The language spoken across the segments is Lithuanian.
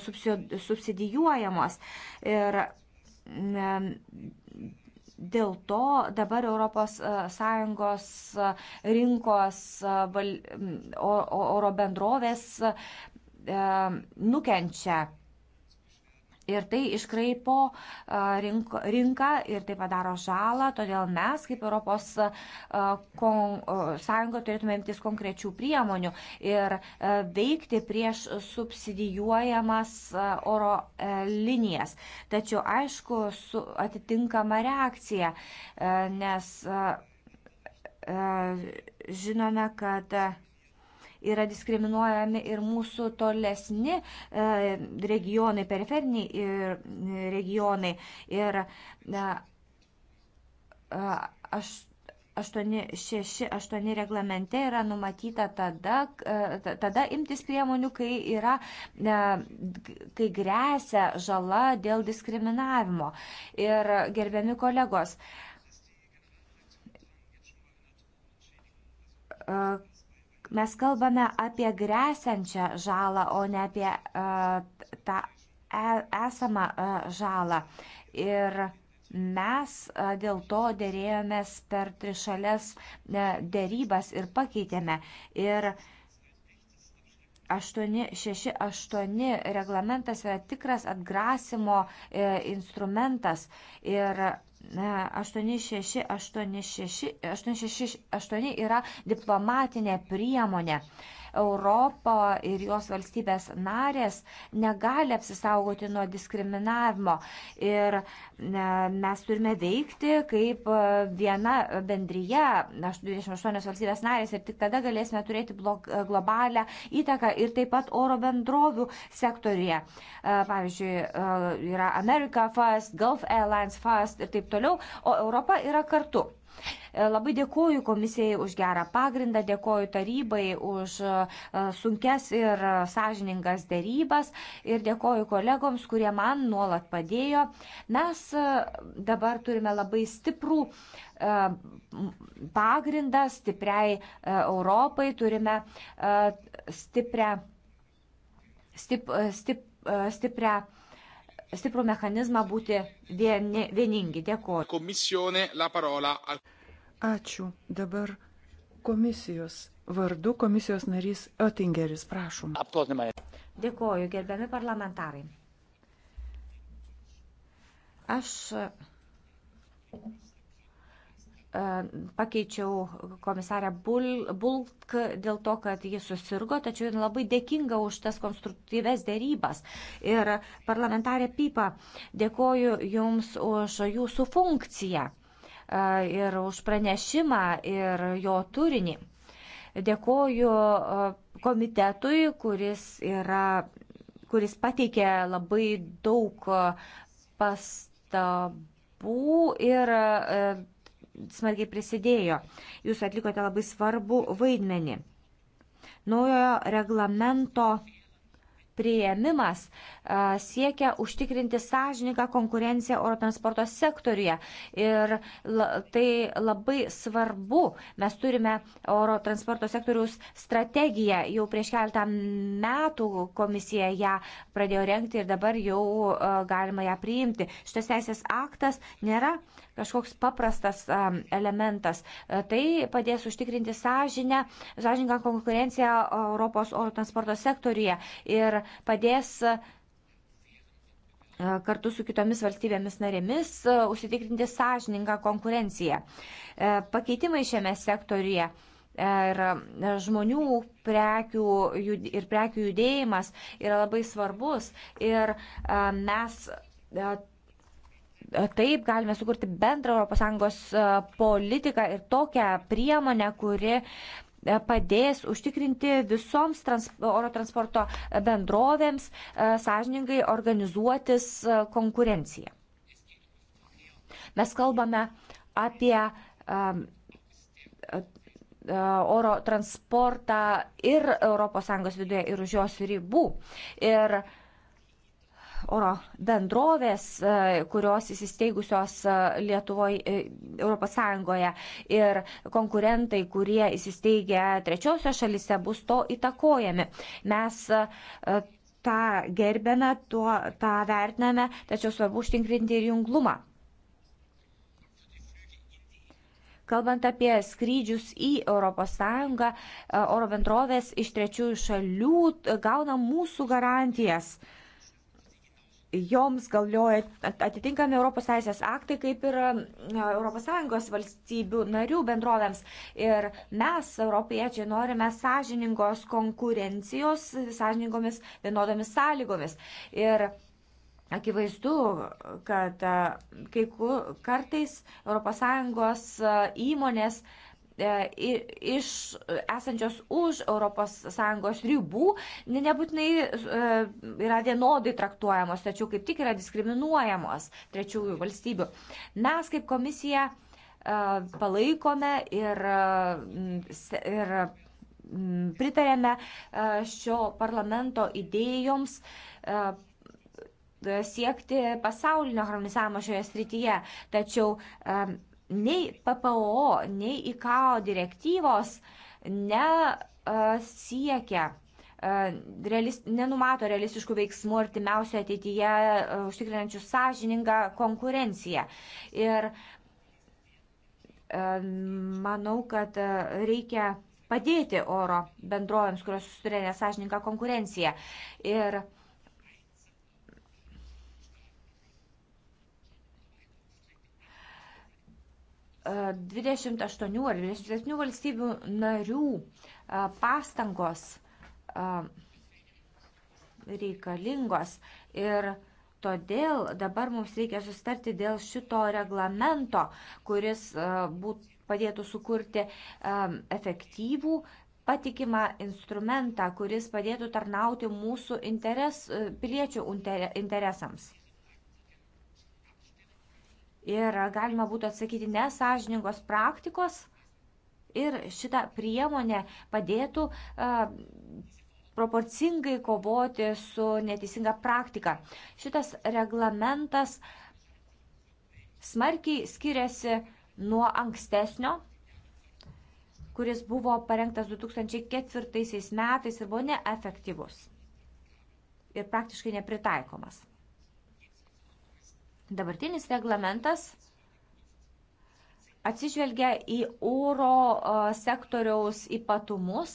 subsidijuojamos. Ir dėl to dabar ES e, e, rinkos e, oro bendrovės nukenčia. Ir tai iškraipo rinką ir tai padaro žalą, todėl mes kaip Europos Sąjunga turėtume imtis konkrečių priemonių ir veikti prieš subsidijuojamas oro e, linijas. Tačiau aišku, su atitinkama reakcija, nes žinome, kad yra diskriminuojami ir mūsų tolesni e, regionai, periferiniai e, regionai. Ir 868 e, reglamente yra numatyta tada, tada imtis priemonių, kai, yra, kai grėsia žala dėl diskriminavimo. Ir gerbiami kolegos, mes kalbame apie grėsiančią žalą, o ne apie uh, tą e, esamą uh, žalą. Ir mes dėl to dėrėjomės per trišalės dėrybas ir pakeitėme. Ir 868 reglamentas yra tikras atgrasimo instrumentas. Ir 868 yra diplomatinė priemonė Europo ir jos valstybės narės negali apsisaugoti nuo diskriminavimo. Ir e, mes turime veikti kaip e, viena bendryje, 28 valstybės narės, ir tik tada galėsime turėti e, globalią įtaką ir taip pat oro bendrovių sektorija. Pavyzdžiui, yra America First, Gulf Airlines First ir taip toliau, o Europa yra kartu. E, labai dėkoju komisijai už gerą pagrindą, dėkoju tarybai už e, sunkes ir sąžiningas dėrybas ir dėkoju kolegoms, kurie man nuolat padėjo. Mes e, dabar turime labai stiprų pagrindą stipriai Europai, turime stiprią, stip, stip, stiprią stiprų mechanizmą būti vieni, vieningi. Dėkuoju. Komisione la parola. Ačiū. Dabar komisijos vardu komisijos narys Oettingeris, prašom. Aptotinamai. Dėkuoju, gerbiami parlamentarai. Aš E, pakeičiau komisarę Bulk dėl to, kad ji susirgo, tačiau jin labai dėkinga už tas konstruktyves dėrybas. Ir parlamentarė Pypa, dėkoju Jums už Jūsų funkciją e, ir už pranešimą ir jo turinį. Dėkoju e, komitetui, kuris, yra, kuris pateikė labai daug pastabų ir smarkiai prisidėjo. Jūs atlikote labai svarbu vaidmenį. Naujojo reglamento prieimimas siekia užtikrinti sąžininką konkurenciją oro transporto sektoriuje. Ir tai labai svarbu. Mes turime oro transporto sektoriaus strategiją. Jau prieš keletą metų komisija ją pradėjo renkti ir dabar jau galima ją priimti. Šitas teisės aktas nėra kažkoks paprastas elementas. Tai padės užtikrinti sąžinę, sąžininką konkurenciją Europos oro transporto sektoriuje. Ir padės e, kartu su kitomis valstybėmis narėmis e, užsitikrinti sąžiningą konkurenciją. E, pakeitimai šiame sektorije ir žmonių prekių ir prekių judėjimas yra labai svarbus ir mes taip galime sukurti bendrą ES politiką ir tokią priemonę, kuri E, padės užtikrinti visoms trans, oro transporto bendrovėms e, sąžiningai organizuotis e, konkurenciją. Mes kalbame apie um, oro transportą ir ES viduje, ir už jos ribų. Ir oro bendrovės, e, kurios įsisteigusios e, Lietuvoje, Europos Sąjungoje ir konkurentai, kurie įsisteigia trečiosios šalise, bus to įtakojami. Mes e, tą gerbėme, tuo, tą vertiname, tačiau svarbu užtinkrinti ir junglumą. Kalbant apie skrydžius į ES, oro bendrovės iš trečiųjų šalių gauna mūsų garantijas. Uh, joms galioja atitinkami Europos teisės aktai, kaip ir ES valstybių narių bendrovėms. Ir mes, europiečiai, norime sąžiningos konkurencijos, sąžiningomis vienodomis sąlygomis. Ir Akivaizdu, kad e, kai kartais ES e, įmonės uh, E, iš esančios už ES ribų nebūtinai e, yra vienodai traktuojamos, tačiau kaip tik yra diskriminuojamos trečiųjų valstybių. Mes kaip komisija e, palaikome ir, mm, ir mm, pritarėme šio parlamento idėjoms siekti pasaulinio harmonizavimo šioje srityje. Tačiau nei PPO, nei ICAO direktyvos nesiekia e, e, realist, nenumato realistiškų veiksmų artimiausioje ateityje e, užtikrinančių sąžiningą konkurenciją. Ir manau, kad reikia padėti oro bendrovėms, kurios susiturė nesąžininką konkurenciją. Ir 28 ar 27 valstybių narių pastangos reikalingos ir todėl dabar mums reikia sustarti dėl šito reglamento, kuris būt, padėtų sukurti efektyvų, patikimą instrumentą, kuris padėtų tarnauti mūsų interes, piliečių interesams ir galima būtų atsakyti nesažiningos praktikos ir šita priemonė padėtų proporcingai kovoti su neteisinga praktika. Šitas reglamentas smarkiai skiriasi nuo ankstesnio, kuris buvo parengtas 2004 metais ir buvo neefektyvus ir praktiškai nepritaikomas. Dabartinis reglamentas atsižvelgia į oro sektoriaus ypatumus,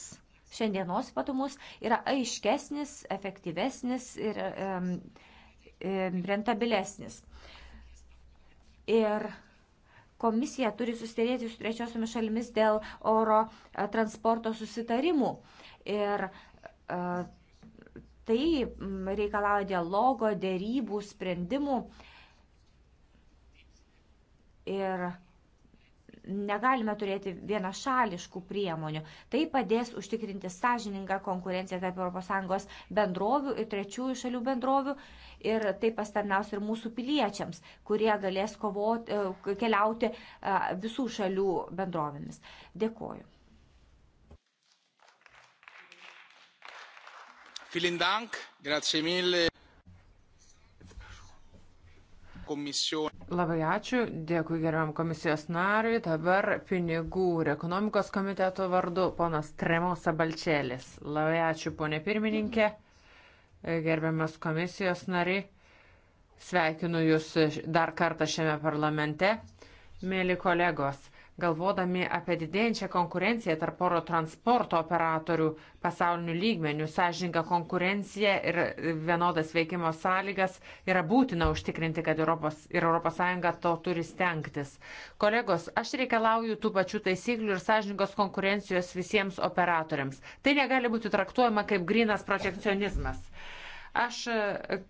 šiandienos ypatumus, yra aiškesnis, efektyvesnis ir rentabilesnis. Ir komisija turi susidėrėti su trečiosiomis šalimis dėl oro e, transporto susitarimų. Ir e, tai reikalauja dialogo, dėrybų, sprendimų ir negalime turėti vienašališkų priemonių. Tai padės užtikrinti sąžiningą konkurenciją tarp ES bendrovių ir trečiųjų šalių bendrovių ir tai pastarnaus ir mūsų piliečiams, kurie galės kovoti, e, keliauti e, visų šalių bendrovėmis. Dėkoju. Vielen Dank, grazie mille. Labai ačiū, dėkui gerbiam komisijos nariui. Dabar pinigų ir ekonomikos komiteto vardu ponas Tremosa Balčelis. Labai ačiū, ponė pirmininkė, gerbiamas komisijos nariai. Sveikinu Jūs dar kartą šiame parlamente. Mėly kolegos, galvodami apie didėjančią konkurenciją tarp oro transporto operatorių pasaulinių lygmenių, sąžininką konkurenciją ir vienodas veikimo sąlygas yra būtina užtikrinti, kad Europos ir ES to turi stengtis. Kolegos, aš reikalauju tų pačių taisyklių ir sąžininkos konkurencijos visiems operatoriams. Tai negali būti traktuojama kaip grinas protekcionizmas. Aš e,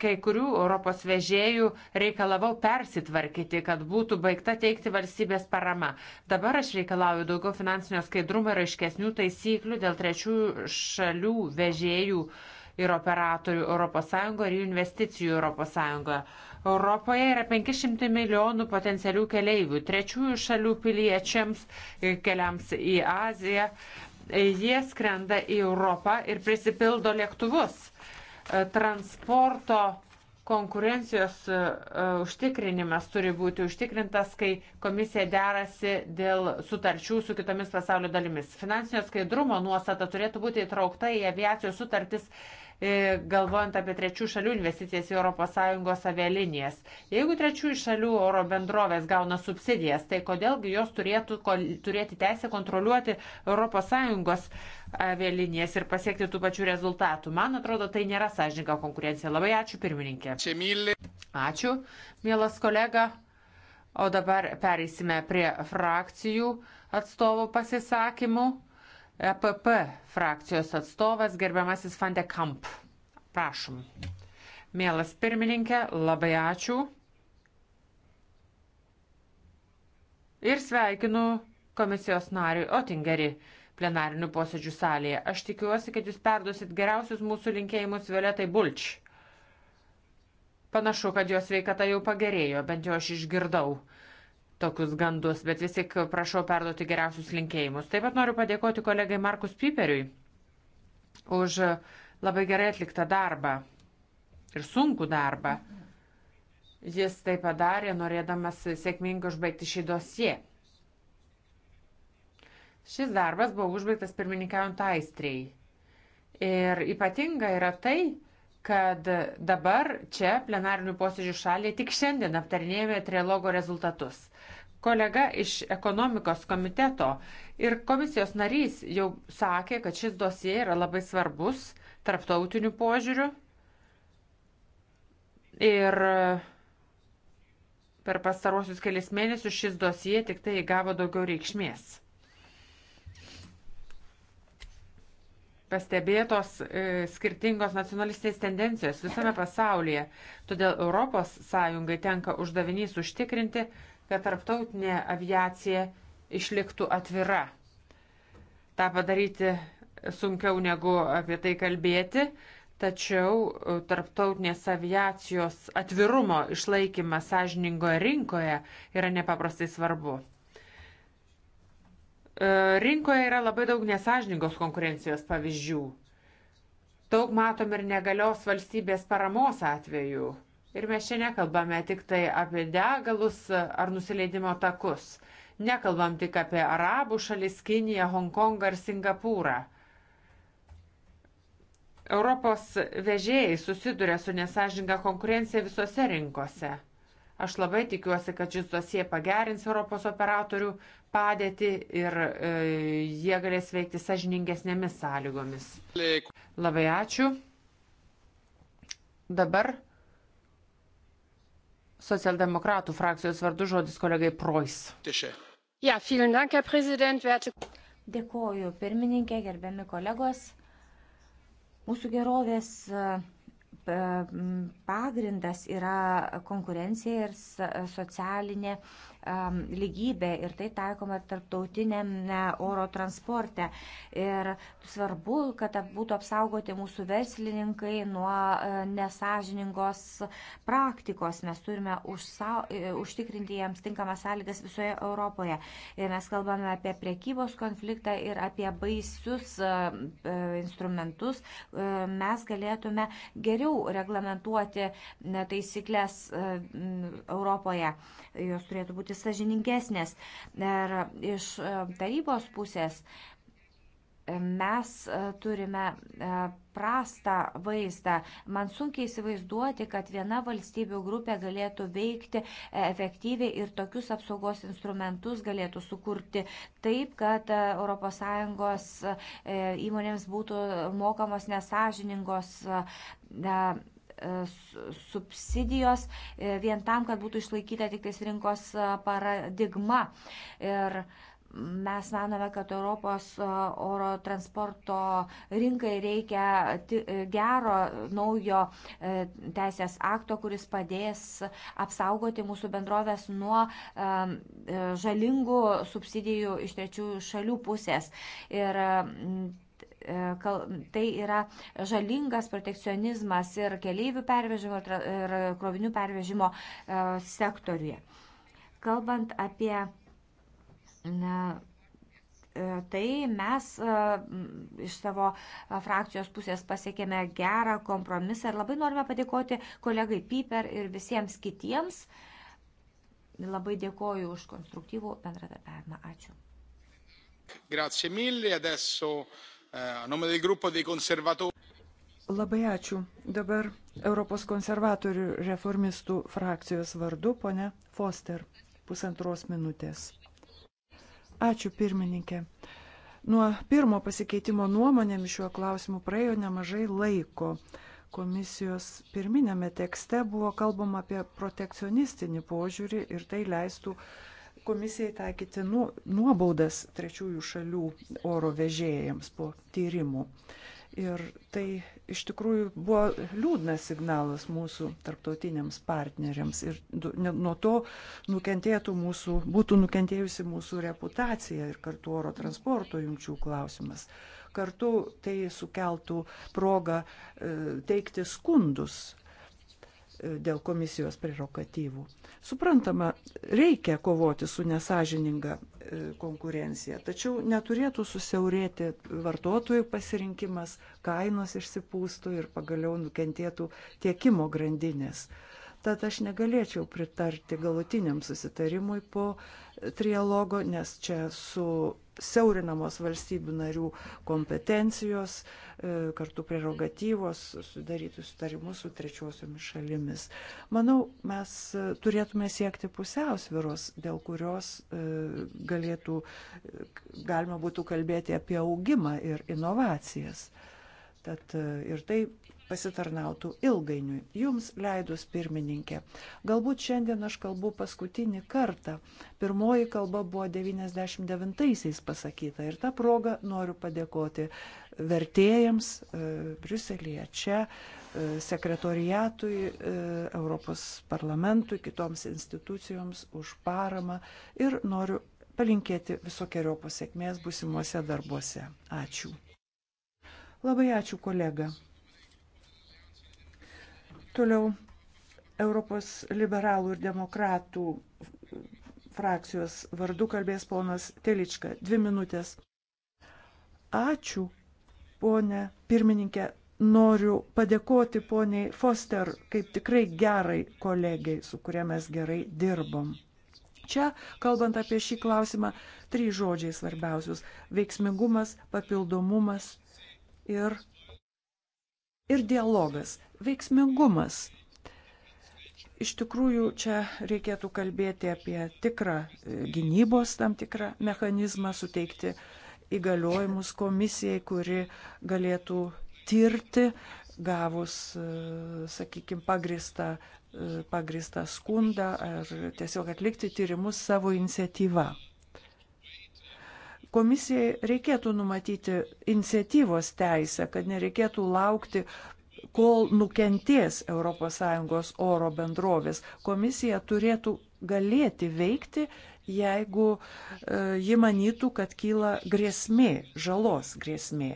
kai kurių Europos vežėjų reikalavau persitvarkyti, kad būtų baigta teikti valstybės parama. Dabar aš reikalauju daugiau finansinio skaidrumo ir aiškesnių taisyklių dėl trečių šalių vežėjų ir operatorių ES ir jų investicijų ES. Europoje yra 500 milijonų potencialių keleivių, trečiųjų šalių piliečiams e, keliams į Aziją. E, jie skrenda į Europą ir prisipildo lėktuvus. E, transporto konkurencijos e, e, užtikrinimas turi būti užtikrintas, kai komisija derasi dėl sutarčių su kitomis pasaulio dalimis. Finansinio skaidrumo nuostata turėtų būti įtraukta į aviacijos sutartis E, galvojant apie trečių šalių investicijas į ES avialinijas. Jeigu trečiųjų šalių oro bendrovės gauna subsidijas, tai kodėlgi jos turėtų kol, turėti teisę kontroliuoti ES avialinijas ir pasiekti tų pačių rezultatų? Man atrodo, tai nėra sąžininga konkurencija. Labai ačiū pirmininkė. Ačiū, mielas kolega. O dabar pereisime prie frakcijų atstovų pasisakymų. EPP frakcijos atstovas gerbiamasis Fande Kamp. Prašom. Mielas pirmininkė, labai ačiū. Ir sveikinu komisijos nariui Otingerį plenarinių posėdžių salėje. Aš tikiuosi, kad jūs perduosit geriausius mūsų linkėjimus Violetai Bulč. Panašu, kad jos veikata jau pagerėjo, bent jau aš išgirdau tokius gandus, bet vis tik prašau perduoti geriausius linkėjimus. Taip pat noriu padėkoti kolegai Markus Piperiui už labai gerai atliktą darbą ir sunkų darbą. Jis tai padarė, norėdamas sėkmingai užbaigti šį dosiją. Šis darbas buvo užbaigtas pirmininkaujant aistriai. Ir ypatinga yra tai, kad dabar čia plenarinių posėdžių šalėje tik šiandien aptarinėjame trilogo rezultatus. Kolega iš ekonomikos komiteto ir komisijos narys jau sakė, kad šis dosie yra labai svarbus tarptautiniu požiūriu. Ir per pastarosius kelias mėnesius šis dosie tik tai įgavo daugiau reikšmės. pastebėtos e, skirtingos nacionalistinės tendencijos visame pasaulyje. Todėl ES tenka uždavinys užtikrinti, kad tarptautinė aviacija išliktų atvira. Ta padaryti sunkiau negu apie tai kalbėti, tačiau e, tarptautinės aviacijos atvirumo išlaikymas sąžiningoje rinkoje yra nepaprastai svarbu. E, rinkoje yra labai daug nesažningos konkurencijos pavyzdžių. Daug matom ir negalios valstybės paramos atveju. Ir mes čia nekalbame tik tai apie degalus ar nusileidimo takus. Nekalbam tik apie Arabų šalis, Kiniją, Hongkongą ir Singapūrą. Europos vežėjai susiduria su nesažinga konkurencija visose rinkose. Aš labai tikiuosi, kad šis dosie pagerins Europos operatorių padėtį ir e, jie galės veikti sažiningesnėmis sąlygomis. Labai ačiū. Dabar socialdemokratų frakcijos vardu žodis kolegai Prois. Ja, dank, werte... Dėkoju, pirmininkė, gerbiami kolegos. Mūsų gerovės pagrindas yra konkurencija ir socialinė Um, lygybė ir tai taikoma tarptautinėme oro transporte. Ir svarbu, kad būtų apsaugoti mūsų verslininkai nuo uh, nesažiningos praktikos. Mes turime užsa, uh, užtikrinti jiems tinkamas sąlygas visoje Europoje. Ir mes kalbame apie priekybos konfliktą ir apie baisius uh, instrumentus. Mes galėtume geriau reglamentuoti taisyklės Europoje. Jos turėtų būti būti sažiningesnės. Ir iš e, tarybos pusės e, mes e, turime prastą vaizdą. Man sunkiai įsivaizduoti, kad viena valstybių grupė galėtų veikti efektyviai ir tokius apsaugos instrumentus galėtų sukurti taip, kad ES įmonėms būtų mokamos nesažiningos E, subsidijos e, vien tam, kad būtų išlaikyta tik tais rinkos e, paradigma. Ir mes manome, kad Europos oro transporto rinkai reikia gero naujo teisės akto, kuris padės apsaugoti mūsų bendrovės nuo žalingų subsidijų iš trečiųjų šalių pusės. Ir E, tai yra žalingas protekcionizmas ir keleivių pervežimo ir krovinių pervežimo e, sektoriuje. Kalbant apie e, tai mes iš savo frakcijos pusės pasiekėme gerą kompromisą ir labai norime padėkoti kolegai Piper ir visiems kitiems. Labai dėkoju už konstruktyvų bendradarbiavimą. Ačiū. Grazie mille. Adesso Eh, Labai ačiū. Dabar Europos konservatorių reformistų frakcijos vardu, ponė Foster, pusantros minutės. Ačiū pirmininkė. Nuo pirmo pasikeitimo nuomonėmis šiuo klausimu praėjo nemažai laiko. Komisijos pirminėme tekste buvo kalbama apie protekcionistinį požiūrį ir tai leistų uh, komisijai taikyti nu, nuobaudas trečiųjų šalių oro vežėjams po tyrimų. Ir tai iš tikrųjų buvo liūdnas signalas mūsų tarptautiniams partneriams ir nuo to nukentėtų mūsų, būtų nukentėjusi mūsų reputacija ir kartu oro transporto jungčių klausimas. Kartu tai sukeltų progą e, teikti skundus dėl komisijos prerogatyvų. Suprantama, reikia kovoti su nesažininga e, konkurencija, tačiau neturėtų susiaurėti vartotojų pasirinkimas, kainos išsipūstų ir pagaliau nukentėtų tiekimo grandinės. Tad aš negalėčiau pritarti galutiniam susitarimui po trialogo, nes čia su siaurinamos valstybių narių kompetencijos, e, kartu prerogatyvos, sudaryti sutarimus su trečiosiomis šalimis. Manau, mes turėtume siekti pusiausviros, dėl kurios e, galėtų, e, galima būtų kalbėti apie augimą ir inovacijas. Tad ir tai pasitarnautų ilgainiui. Jums leidus pirmininkė. Galbūt šiandien aš kalbu paskutinį kartą. Pirmoji kalba buvo 99-aisiais pasakyta ir tą progą noriu padėkoti vertėjams e, Briuselėje, čia, e, sekretoriatui, e, Europos parlamentui, kitoms institucijoms už paramą ir noriu palinkėti visokiojo pasiekmės busimuose darbuose. Ačiū. Labai ačiū kolega. Toliau Europos liberalų ir demokratų frakcijos vardu kalbės ponas Telička. Dvi minutės. Ačiū, ponė pirmininkė. Noriu padėkoti poniai Foster kaip tikrai gerai kolegiai, su kuria mes gerai dirbom. Čia, kalbant apie šį klausimą, trys žodžiai svarbiausius - veiksmingumas, papildomumas ir ir dialogas, veiksmingumas. Iš tikrųjų, čia reikėtų kalbėti apie tikrą e, gynybos tam tikrą mechanizmą, suteikti įgaliojimus komisijai, kuri galėtų tirti gavus, e, sakykime, pagristą, e, pagristą skundą ar tiesiog atlikti tyrimus savo iniciatyvą. Komisijai reikėtų numatyti iniciatyvos teisę, kad nereikėtų laukti kol nukenties ES oro bendrovės. Komisija turėtų galėti veikti, jeigu e, ji manytų, kad kyla grėsmė, žalos grėsmė.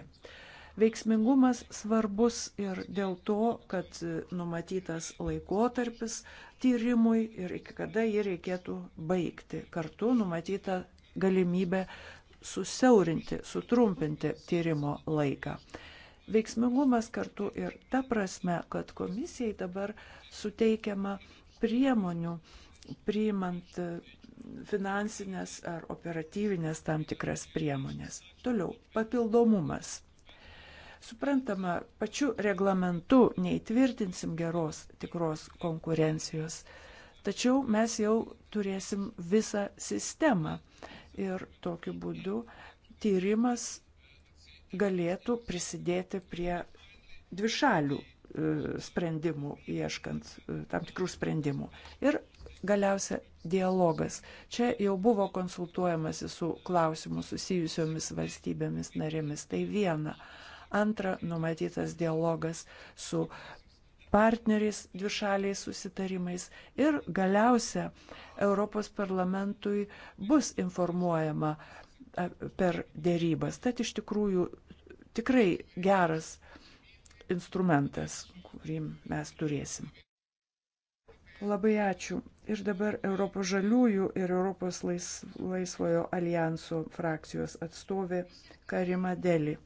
Veiksmingumas svarbus ir dėl to, kad e, numatytas laikotarpis tyrimui ir iki kada jį reikėtų baigti. Kartu numatyta galimybė susiaurinti, sutrumpinti tyrimo laiką. Veiksmingumas kartu ir ta prasme, kad komisijai dabar suteikiama priemonių priimant e, finansinės ar operatyvinės tam tikras priemonės. Toliau, papildomumas. Suprantama, pačiu reglamentu neįtvirtinsim geros tikros konkurencijos, tačiau mes jau turėsim visą sistemą ir tokiu būdu tyrimas galėtų prisidėti prie dvišalių e, sprendimų, ieškant e, tam tikrų sprendimų. Ir galiausia dialogas. Čia jau buvo konsultuojamasi su klausimu susijusiomis valstybėmis narėmis. Tai viena. Antra, numatytas dialogas su partneriais dvišaliais susitarimais ir galiausia Europos parlamentui bus informuojama per dėrybas. Tad iš tikrųjų tikrai geras instrumentas, kurį mes turėsim. Labai ačiū. Ir dabar Europos žaliųjų ir Europos lais, laisvojo alijanso frakcijos atstovė Karima Deli.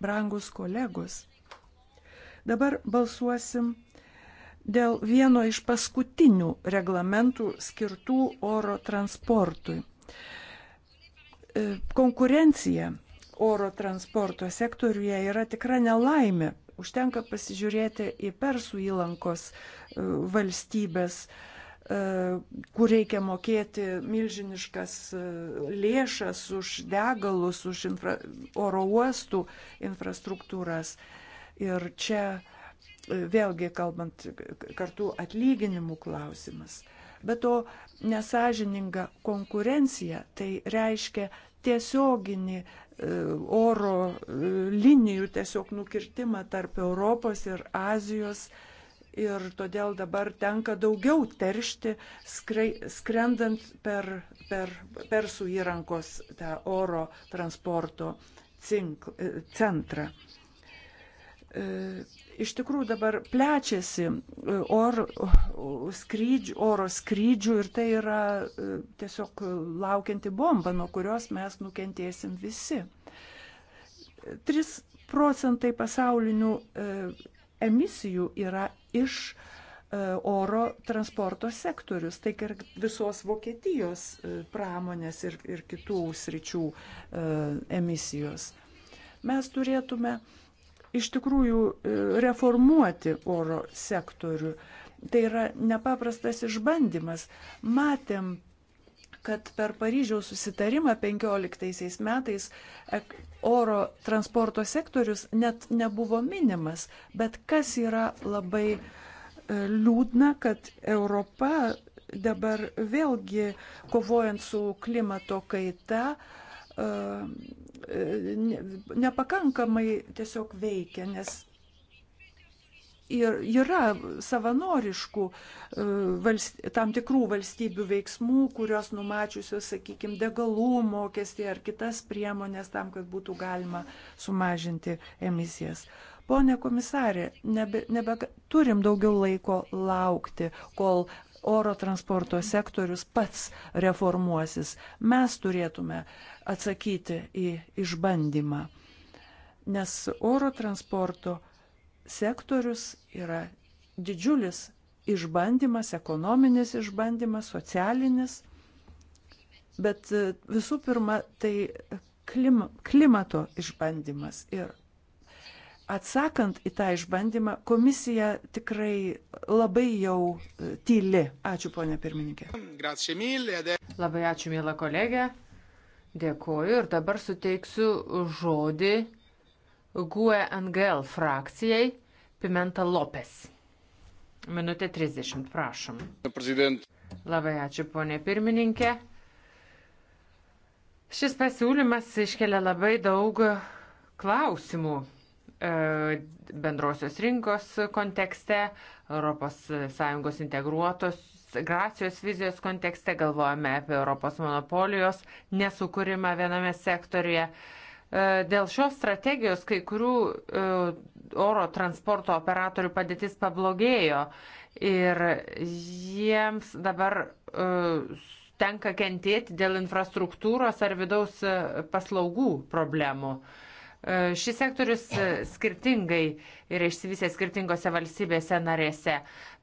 Brangus kolegos, Dabar balsuosim dėl vieno iš paskutinių reglamentų skirtų oro transportui. E, konkurencija oro transporto sektoriuje yra tikra nelaimė. Užtenka pasižiūrėti į Persų įlankos e, valstybės, e, kur reikia mokėti milžiniškas lėšas už degalus, už infra, oro uostų infrastruktūras. Ir čia e, vėlgi kalbant kartu atlyginimų klausimas. Bet to nesažininga konkurencija tai reiškia tiesioginį e, oro e, linijų tiesiog nukirtimą tarp Europos ir Azijos ir todėl dabar tenka daugiau teršti skrai, skrendant per, per persų įrankos tą oro transporto cink, centrą. E, iš tikrųjų dabar plečiasi e, or, skrydžių, oro skrydžių ir tai yra e, tiesiog laukianti bomba, nuo kurios mes nukentėsim visi. 3 procentai pasaulinių emisijų yra iš oro transporto sektorius, tai ir visos Vokietijos pramonės ir, ir kitų sričių emisijos. Mes turėtume uh, iš tikrųjų e, reformuoti oro sektorių. Tai yra nepaprastas išbandymas. Matėm, kad per Paryžiaus susitarimą 15 metais e, oro transporto sektorius net nebuvo minimas, bet kas yra labai e, liūdna, kad Europa dabar vėlgi kovojant su klimato kaita E, nepakankamai tiesiog veikia, nes ir yra savanoriškų e, valst, tam tikrų valstybių veiksmų, kurios numačiusios, sakykime, degalų mokestį ar kitas priemonės tam, kad būtų galima sumažinti emisijas. Pone komisarė, nebe, nebe turim daugiau laiko laukti, kol oro transporto sektorius pats reformuosis. Mes turėtume atsakyti į išbandymą, nes oro transporto sektorius yra didžiulis išbandymas, ekonominis išbandymas, socialinis, bet visų pirma tai klim, klimato išbandymas ir atsakant į tą išbandymą, komisija tikrai labai jau e, tyli. Ačiū, ponė pirmininkė. Labai ačiū, mėla kolegė. Dėkuoju ir dabar suteiksiu žodį GUE NGL frakcijai Pimenta Lopes. Minutė 30, prašom. President. Labai ačiū, ponė pirmininkė. Šis pasiūlymas iškelia labai daug klausimų E, bendrosios rinkos kontekste, ES integruotos gracijos vizijos kontekste, galvojame apie Europos monopolijos nesukūrimą viename sektoriuje. E, dėl šios strategijos kai kurių e, oro transporto operatorių padėtis pablogėjo ir jiems dabar tenka kentėti dėl infrastruktūros ar vidaus paslaugų problemų. Uh, E, šis sektorius e, skirtingai yra išsivysęs skirtingose valstybėse narėse.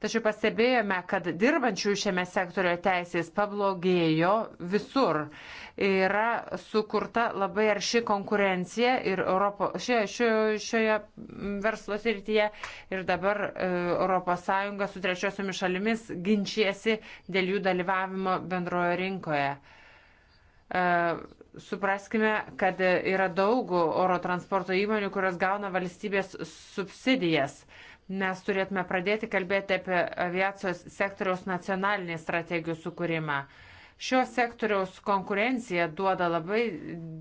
Tačiau pastebėjome, kad dirbančių šiame sektorio teisės pablogėjo visur. Yra sukurta labai arši konkurencija ir Europo, šioje, šioje, šioje verslo srityje ir dabar ES su trečiosiomis šalimis ginčiasi dėl jų dalyvavimo bendrojo rinkoje e, supraskime, kad yra daug oro transporto įmonių, kurios gauna valstybės subsidijas. Mes turėtume pradėti kalbėti apie aviacijos sektoriaus nacionalinį strategijų sukūrimą. Šio sektoriaus konkurencija duoda labai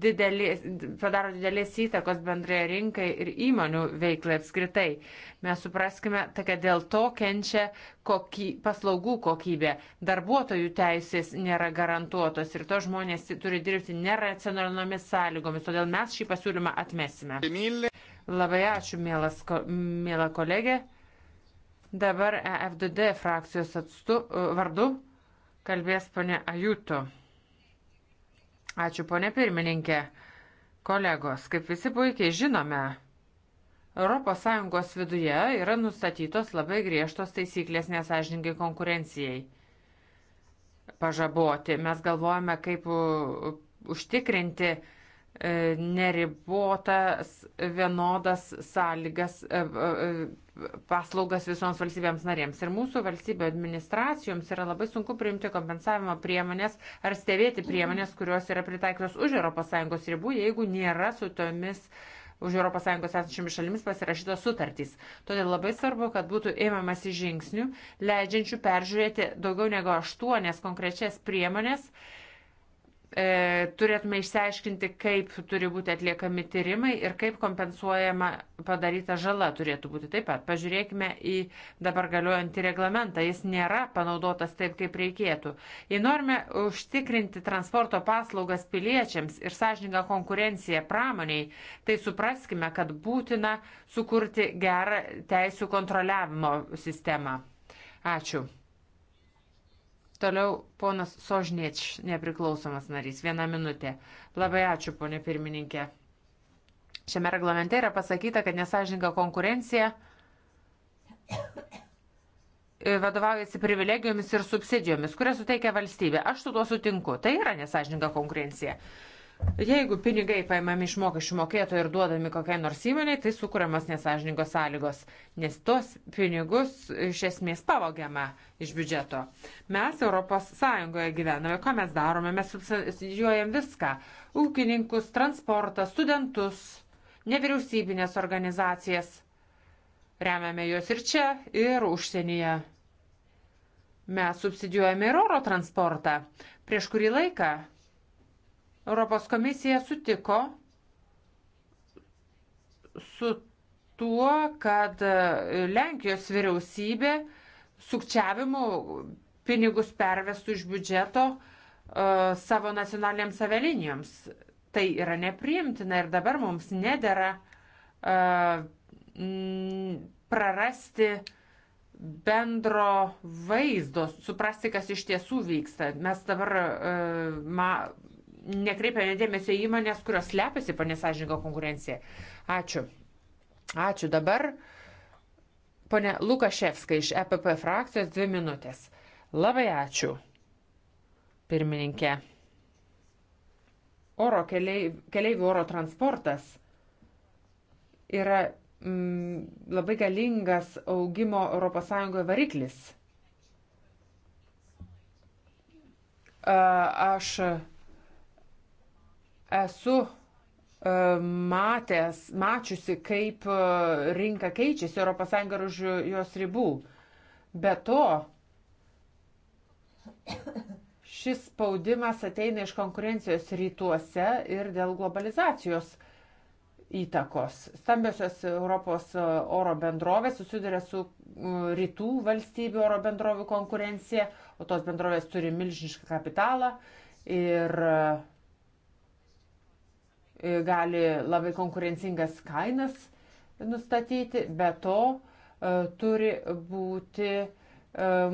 didelės, padaro didelės įtakos bendrėje rinkai ir įmonių veiklai apskritai. Mes supraskime, tai kad dėl to kenčia koky, paslaugų kokybė. Darbuotojų teisės nėra garantuotos ir to žmonės turi dirbti neracionaliomis sąlygomis. Todėl mes šį pasiūlymą atmesime. Labai ačiū, mielas, mėla kolegė. Dabar EFDD frakcijos atstu, vardu Kalbės ponė Ajuto. Ačiū ponė pirmininkė. Kolegos, kaip visi puikiai žinome, ES viduje yra nustatytos labai griežtos taisyklės nesažininkai konkurencijai. Pažaboti. Mes galvojame, kaip užtikrinti e, neribotas vienodas sąlygas e, e, paslaugas visoms valstybėms narėms. Ir mūsų valstybių administracijoms yra labai sunku priimti kompensavimo priemonės ar stebėti priemonės, kurios yra pritaikytos už ES ribų, jeigu nėra su tomis už ES esančiomis šalimis pasirašytos sutartys. Todėl labai svarbu, kad būtų ėmamasi žingsnių, leidžiančių peržiūrėti daugiau negu aštuonias konkrečias priemonės e, turėtume išsiaiškinti, kaip turi būti atliekami tyrimai ir kaip kompensuojama padaryta žala turėtų būti taip pat. Pažiūrėkime į dabar galiojantį reglamentą. Jis nėra panaudotas taip, kaip reikėtų. Jei norime užtikrinti transporto paslaugas piliečiams ir sąžininką konkurenciją pramoniai, tai supraskime, kad būtina sukurti gerą teisų kontroliavimo sistemą. Ačiū. Toliau ponas Sožnieč, nepriklausomas narys, viena minutė. Labai ačiū, ponė pirmininkė. Šiame reglamente yra pasakyta, kad nesažininga konkurencija vadovaujasi privilegijomis ir subsidijomis, kurias suteikia valstybė. Aš su tuo sutinku. Tai yra nesažininga konkurencija. Jeigu pinigai paimami iš mokesčių mokėtojų ir duodami kokiai nors įmoniai, tai sukūriamas nesažiningos sąlygos, nes tos pinigus iš esmės pavogiama iš biudžeto. Mes ES gyvename, ką mes darome, mes subsidijuojam viską - ūkininkus, transportą, studentus, nevyriausybinės organizacijas. Remiame juos ir čia, ir užsienyje. Mes subsidijuojame ir oro transportą. Prieš kurį laiką Europos komisija sutiko su tuo, kad e, Lenkijos vyriausybė sukčiavimu pinigus pervestų iš biudžeto uh, savo nacionaliniams avelinijoms. Tai yra nepriimtina ir dabar mums nedėra uh, e, prarasti bendro vaizdo, suprasti, kas iš tiesų vyksta. Mes dabar uh, ma, nekreipiame dėmesio į įmonės, kurios slepiasi po nesažininko konkurencija. Ačiū. Ačiū dabar. Pone Lukaševska iš EPP frakcijos dvi minutės. Labai ačiū, pirmininkė. Oro keliai, keliaivių oro transportas yra mm, labai galingas augimo ES variklis. Aš esu e, matęs, mačiusi, kaip e, rinka keičiasi ES ir už jos ribų. Be to, šis spaudimas ateina iš konkurencijos rytuose ir dėl globalizacijos įtakos. Stambiosios Europos e, oro bendrovės susiduria su rytų valstybių oro bendrovių konkurencija, o tos bendrovės turi milžinišką kapitalą ir uh, E, gali labai konkurencingas kainas nustatyti, be to e, turi būti e,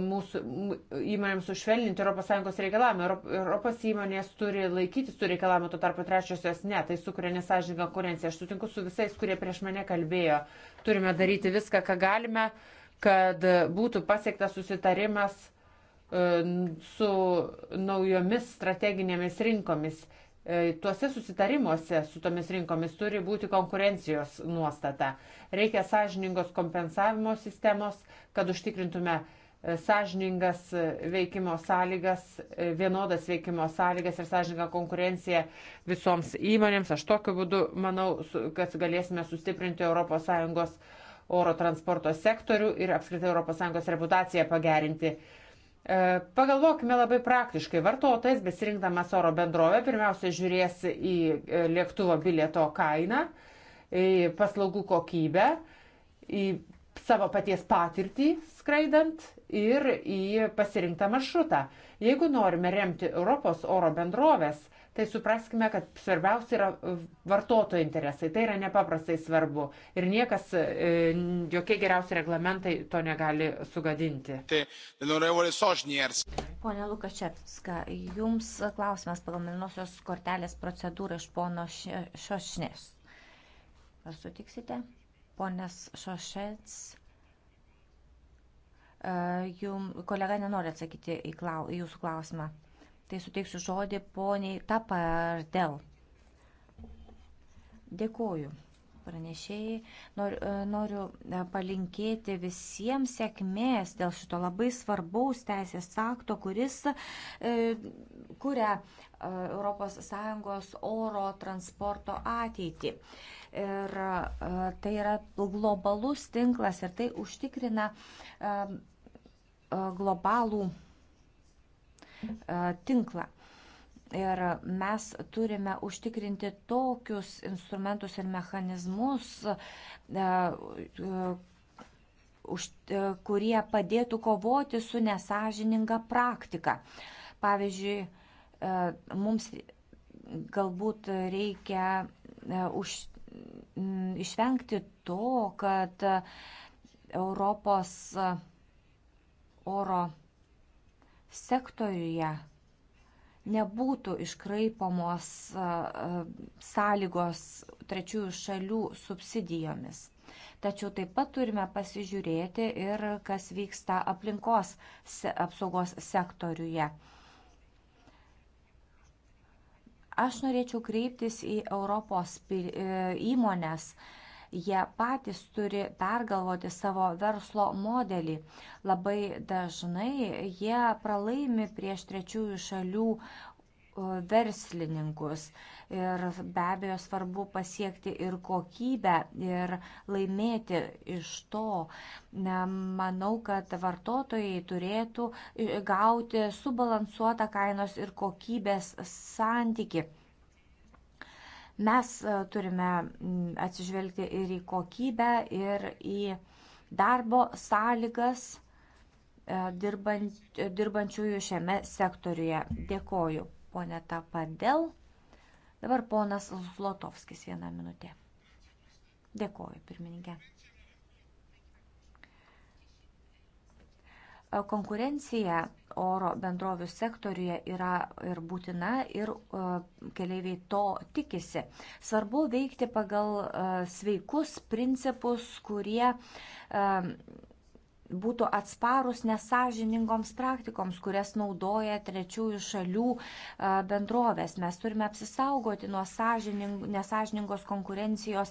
mūsų įmonėms sušvelninti ES reikalavimą. Europos įmonės turi laikytis tų reikalavimų, tuo tarpu trečiosios ne, tai sukuria nesažininką konkurenciją. Aš sutinku su visais, kurie prieš mane kalbėjo. Turime daryti viską, ką galime, kad būtų pasiektas susitarimas su naujomis strateginėmis rinkomis. E, tuose susitarimuose su tomis rinkomis turi būti konkurencijos nuostata. Reikia sąžiningos kompensavimo sistemos, kad užtikrintume e, sąžiningas e, veikimo sąlygas, vienodas veikimo sąlygas ir sąžininką konkurenciją visoms įmonėms. Aš tokiu būdu manau, kad galėsime sustiprinti ES oro transporto sektorių ir apskritai ES reputaciją pagerinti E, pagalvokime labai praktiškai. Vartotojas, besirinkdamas oro bendrovę, pirmiausia žiūrės į e, lėktuvo bilieto kainą, į paslaugų kokybę, į savo paties patirtį skraidant ir į pasirinktą maršrutą. Jeigu norime remti Europos oro bendrovės, tai supraskime, kad svarbiausia yra e, vartotojų interesai. Tai yra nepaprastai svarbu. Ir niekas, e, jokie geriausi reglamentai to negali sugadinti. Pone Lukaševska, jums klausimas pagal Milinosios kortelės procedūrą iš pono Šošnės. Ar sutiksite? Ponas Šošets. Jums kolega nenori atsakyti į, klau, į jūsų klausimą tai suteiksiu žodį poniai Tapardel. Dėkuoju pranešėjai. E, noriu, noriu e, palinkėti visiems sėkmės dėl šito labai svarbaus teisės akto, kuris e, kuria ES oro transporto ateitį. Ir e, tai yra globalus tinklas ir tai užtikrina e, e globalų E, tinklą. Ir mes turime užtikrinti tokius instrumentus ir mechanizmus, e, e, kurie padėtų kovoti su nesažininga praktika. Pavyzdžiui, mums galbūt reikia už, išvengti to, kad Europos oro sektoriuje nebūtų iškraipomos sąlygos trečiųjų šalių subsidijomis. Tačiau taip pat turime pasižiūrėti ir kas vyksta aplinkos apsaugos sektoriuje. Aš norėčiau kreiptis į Europos įmonės, Jie patys turi pergalvoti savo verslo modelį. Labai dažnai jie pralaimi prieš trečiųjų šalių verslininkus. Ir be abejo svarbu pasiekti ir kokybę ir laimėti iš to. Manau, kad vartotojai turėtų e, gauti subalansuotą kainos ir kokybės santyki. Mes e, turime atsižvelgti ir į kokybę, ir į darbo sąlygas e, dirbant, e, dirbančiųjų šiame sektoriuje. Dėkoju, ponė Tapadėl. Dabar ponas Zlotovskis vieną minutę. Dėkoju, pirmininkė. Konkurencija oro bendrovių sektoriuje yra ir būtina ir e, keliaiviai to tikisi. Svarbu veikti pagal e, sveikus principus, kurie e, būtų atsparus nesažiningoms praktikoms, kurias naudoja trečiųjų šalių bendrovės. Mes turime apsisaugoti nuo nesažiningos konkurencijos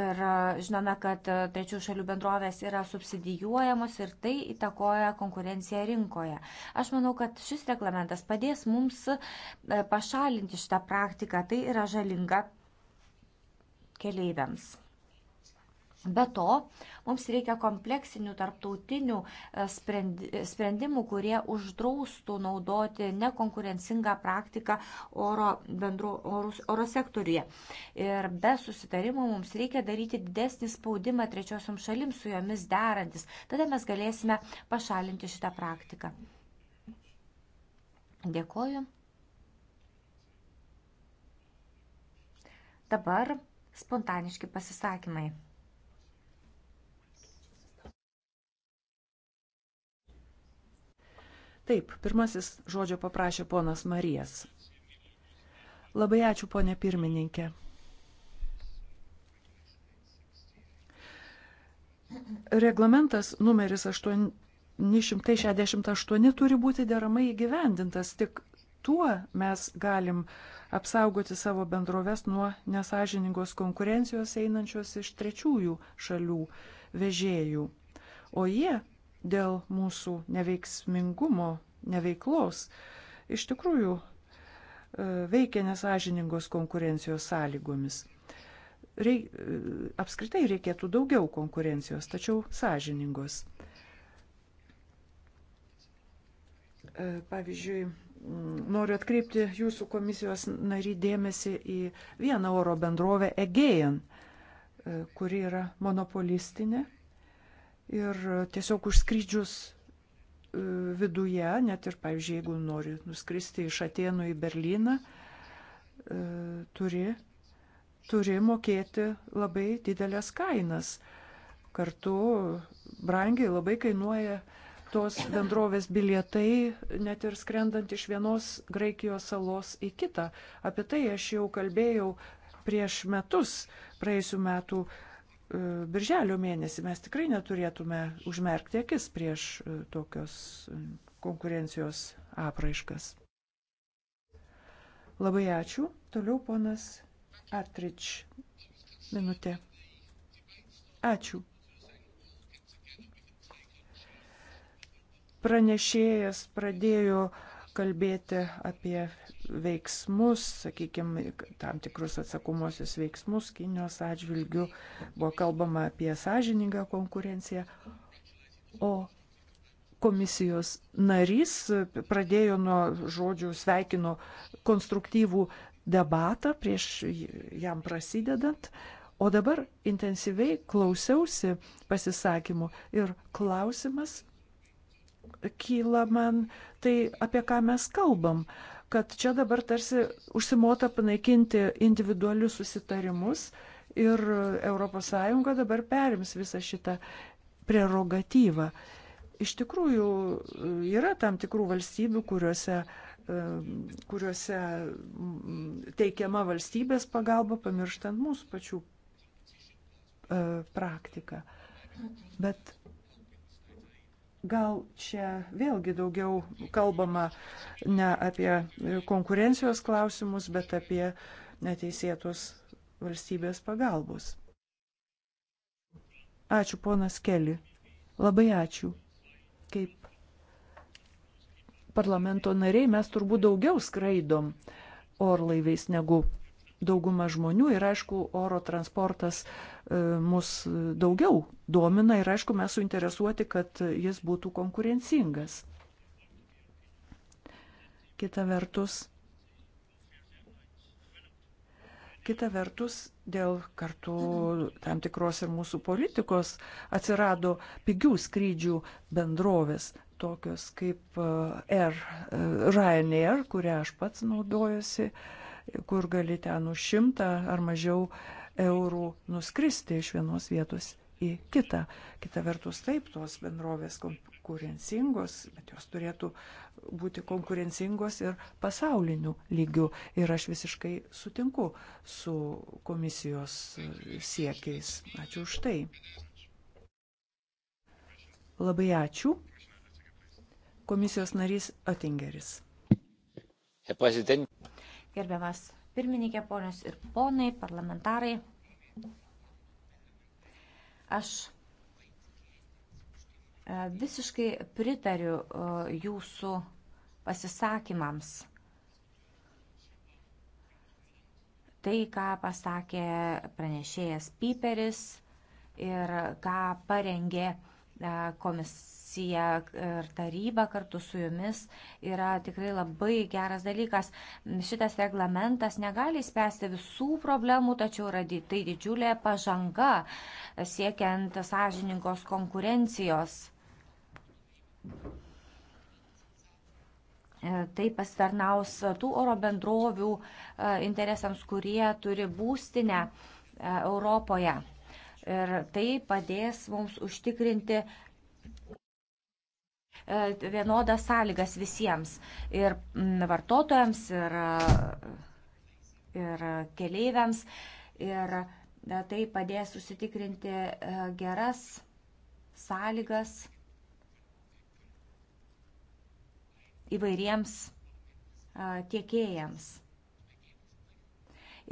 Ir e, žinome, kad e, trečių šalių bendrovės yra subsidijuojamos ir tai įtakoja konkurenciją rinkoje. Aš manau, kad šis reglamentas padės mums e, pašalinti šitą praktiką. Tai yra žalinga keleiviams. Be to, mums reikia kompleksinių tarptautinių e, sprendimų, kurie uždraustų naudoti nekonkurencingą praktiką oro, bendru, orus, oro sektoriuje. Ir be susitarimų mums reikia daryti didesnį spaudimą trečiosiom šalim su jomis derantis. Tada mes galėsime pašalinti šitą praktiką. Dėkoju. Dabar spontaniški pasisakymai. Taip, pirmasis žodžio paprašė ponas Marijas. Labai ačiū, ponė pirmininkė. Reglamentas numeris 868 turi būti deramai įgyvendintas, tik tuo mes galim apsaugoti savo bendroves nuo nesažiningos konkurencijos einančios iš trečiųjų šalių vežėjų. O jie dėl mūsų neveiksmingumo, neveiklos, iš tikrųjų e, veikia nesažiningos konkurencijos sąlygomis. Rei, e, apskritai reikėtų daugiau konkurencijos, tačiau sąžiningos. E, pavyzdžiui, noriu atkreipti jūsų komisijos narį dėmesį į vieną oro bendrovę Egejan, kuri yra monopolistinė ir tiesiog užskrydžius e, viduje, net ir, pavyzdžiui, jeigu nori nuskristi iš Atenų į Berliną, e, turi, turi mokėti labai didelės kainas. Kartu brangiai labai kainuoja tos bendrovės bilietai, net ir skrendant iš vienos Graikijos salos į kitą. Apie tai aš jau kalbėjau prieš metus, praėjusiu metu birželio mėnesį mes tikrai neturėtume užmerkti akis prieš e, tokios e, konkurencijos apraiškas. Labai ačiū. Toliau ponas Artrič. Minutė. Ačiū. Pranešėjas pradėjo kalbėti apie veiksmus, sakykime, tam tikrus atsakomosius veiksmus Kinijos atžvilgių. Buvo kalbama apie sąžiningą konkurenciją. O komisijos narys pradėjo nuo žodžių sveikino konstruktyvų debatą prieš jam prasidedant. O dabar intensyviai klausiausi pasisakymų ir klausimas kyla man, tai apie ką mes kalbam kad čia dabar tarsi užsimota panaikinti individualius susitarimus ir ES dabar perims visą šitą prerogatyvą. Iš tikrųjų, yra tam tikrų valstybių, kuriuose e, kuriuose teikiama valstybės pagalba, pamirštant mūsų pačių e, praktiką. Bet Gal čia vėlgi daugiau kalbama ne apie konkurencijos klausimus, bet apie neteisėtos valstybės pagalbos. Ačiū, ponas Keli. Labai ačiū. Kaip parlamento nariai mes turbūt daugiau skraidom orlaiviais negu dauguma žmonių ir aišku, oro transportas e, mus daugiau domina ir aišku, mes suinteresuoti, kad jis būtų konkurencingas. Kita vertus, kita vertus dėl kartu tam tikros ir mūsų politikos atsirado pigių skrydžių bendrovės, tokios kaip e, Air, e, Ryanair, kurią aš pats naudojusi. Uh, kur gali ten už šimtą ar mažiau eurų nuskristi iš vienos vietos į kitą. Kita vertus, taip, tos bendrovės konkurencingos, bet jos turėtų būti konkurencingos ir pasauliniu lygiu. Ir aš visiškai sutinku su komisijos siekiais. Ačiū už tai. Labai ačiū. Komisijos narys Otingeris. Herr Präsident. Gerbiamas pirmininkė, ponios ir ponai, parlamentarai. Aš e, visiškai pritariu e, jūsų pasisakymams. Tai, ką pasakė pranešėjas Piperis ir ką parengė uh, E, komisija ir taryba kartu su jumis yra tikrai labai geras dalykas. Šitas reglamentas negali spręsti visų problemų, tačiau yra tai didžiulė pažanga siekiant sąžiningos konkurencijos. E, tai pasitarnaus tų oro bendrovių e, interesams, kurie turi būstinę Europoje. Ir tai padės mums užtikrinti e, vienodas sąlygas visiems ir mm, vartotojams, ir, e, ir keleiviams. Ir e, tai padės užsitikrinti geras sąlygas įvairiems tiekėjams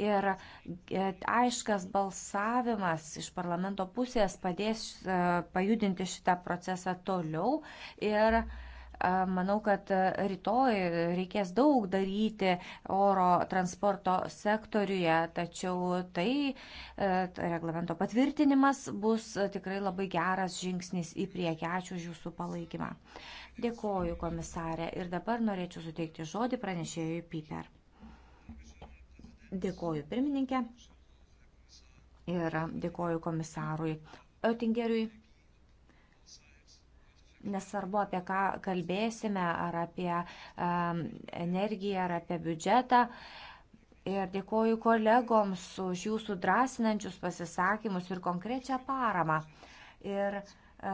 ir e, aiškas balsavimas iš parlamento pusės padės e, pajudinti šitą procesą toliau ir e, manau, kad rytoj reikės daug daryti oro transporto sektoriuje, tačiau tai, tai reglamento patvirtinimas bus tikrai labai geras žingsnis į priekį. Ačiū už Jūsų palaikymą. Dėkoju, komisarė. Ir dabar norėčiau suteikti žodį pranešėjui Piper. Dėkoju pirmininkė ir dėkoju komisarui Oettingeriui. Nesvarbu, apie ką kalbėsime, ar apie um, energiją, ar apie biudžetą. Ir dėkoju kolegoms už jūsų drąsinančius pasisakymus ir konkrečią paramą. Ir uh,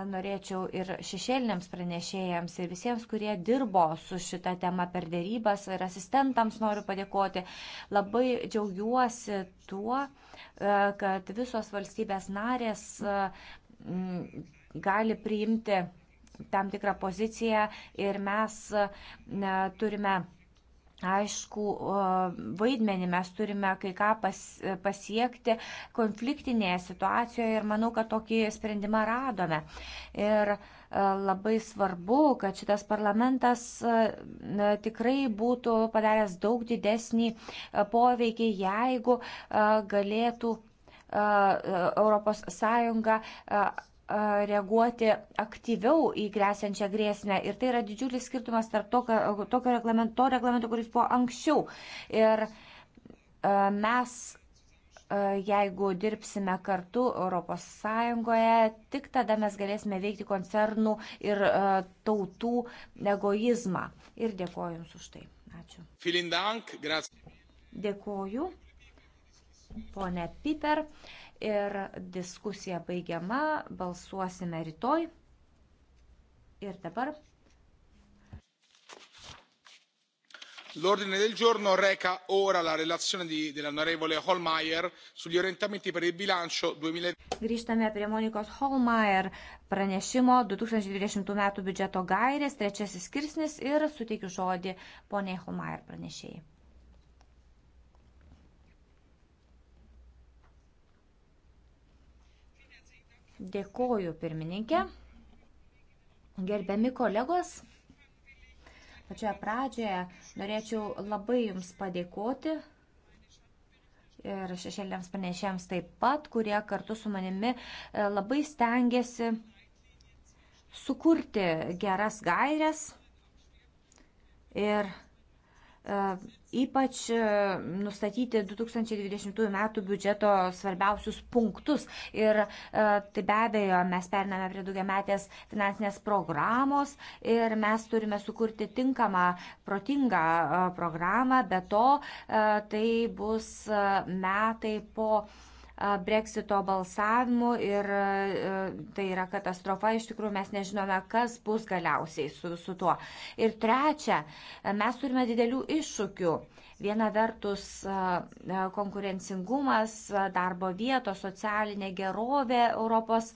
norėčiau ir šešėliniams pranešėjams, ir visiems, kurie dirbo su šita tema per dėrybas, ir asistentams noriu padėkoti. Labai džiaugiuosi tuo, e, kad visos valstybės narės e, gali priimti tam tikrą poziciją ir mes e, turime aišku vaidmenį mes turime kai ką pas, pasiekti konfliktinėje situacijoje ir manau, kad tokį sprendimą radome. Ir e, labai svarbu, kad šitas parlamentas e, tikrai būtų padaręs daug didesnį e, poveikį, jeigu galėtų Europos Sąjunga reaguoti aktyviau į grėsiančią grėsmę. Ir tai yra didžiulis skirtumas tarp to, tokio reglamento, reglamento, kuris buvo anksčiau. Ir mes, jeigu dirbsime kartu ES, tik tada mes galėsime veikti koncernų ir tautų egoizmą. Ir dėkoju Jums už tai. Ačiū. Dėkoju, ponė Piper. Ir diskusija baigiama, balsuosime rytoj. Ir dabar. L'ordine del giorno reca ora la relazione di, dell'onorevole Holmeier sugli orientamenti per il bilancio 2020. Grįžtame prie Monikos Holmeier pranešimo 2020 m. biudžeto gairės, trečiasis skirsnis ir suteikiu žodį poniai Holmeier pranešėjai. Dėkoju pirmininkė. Gerbiami kolegos, pačioje pradžioje norėčiau labai Jums padėkoti ir šešėliams panešėms taip pat, kurie kartu su manimi e, labai stengiasi sukurti geras gairias ir E, ypač e, nustatyti 2020 m. biudžeto svarbiausius punktus. Ir e, tai be abejo, mes pername prie daugiametės finansinės programos ir mes turime sukurti tinkamą, protingą programą. Be to, tai bus metai po breksito balsavimu ir tai yra katastrofa, iš tikrųjų mes nežinome, kas bus galiausiai su, su tuo. Ir trečia, mes turime didelių iššūkių. Viena vertus konkurencingumas, darbo vietos, socialinė gerovė Europos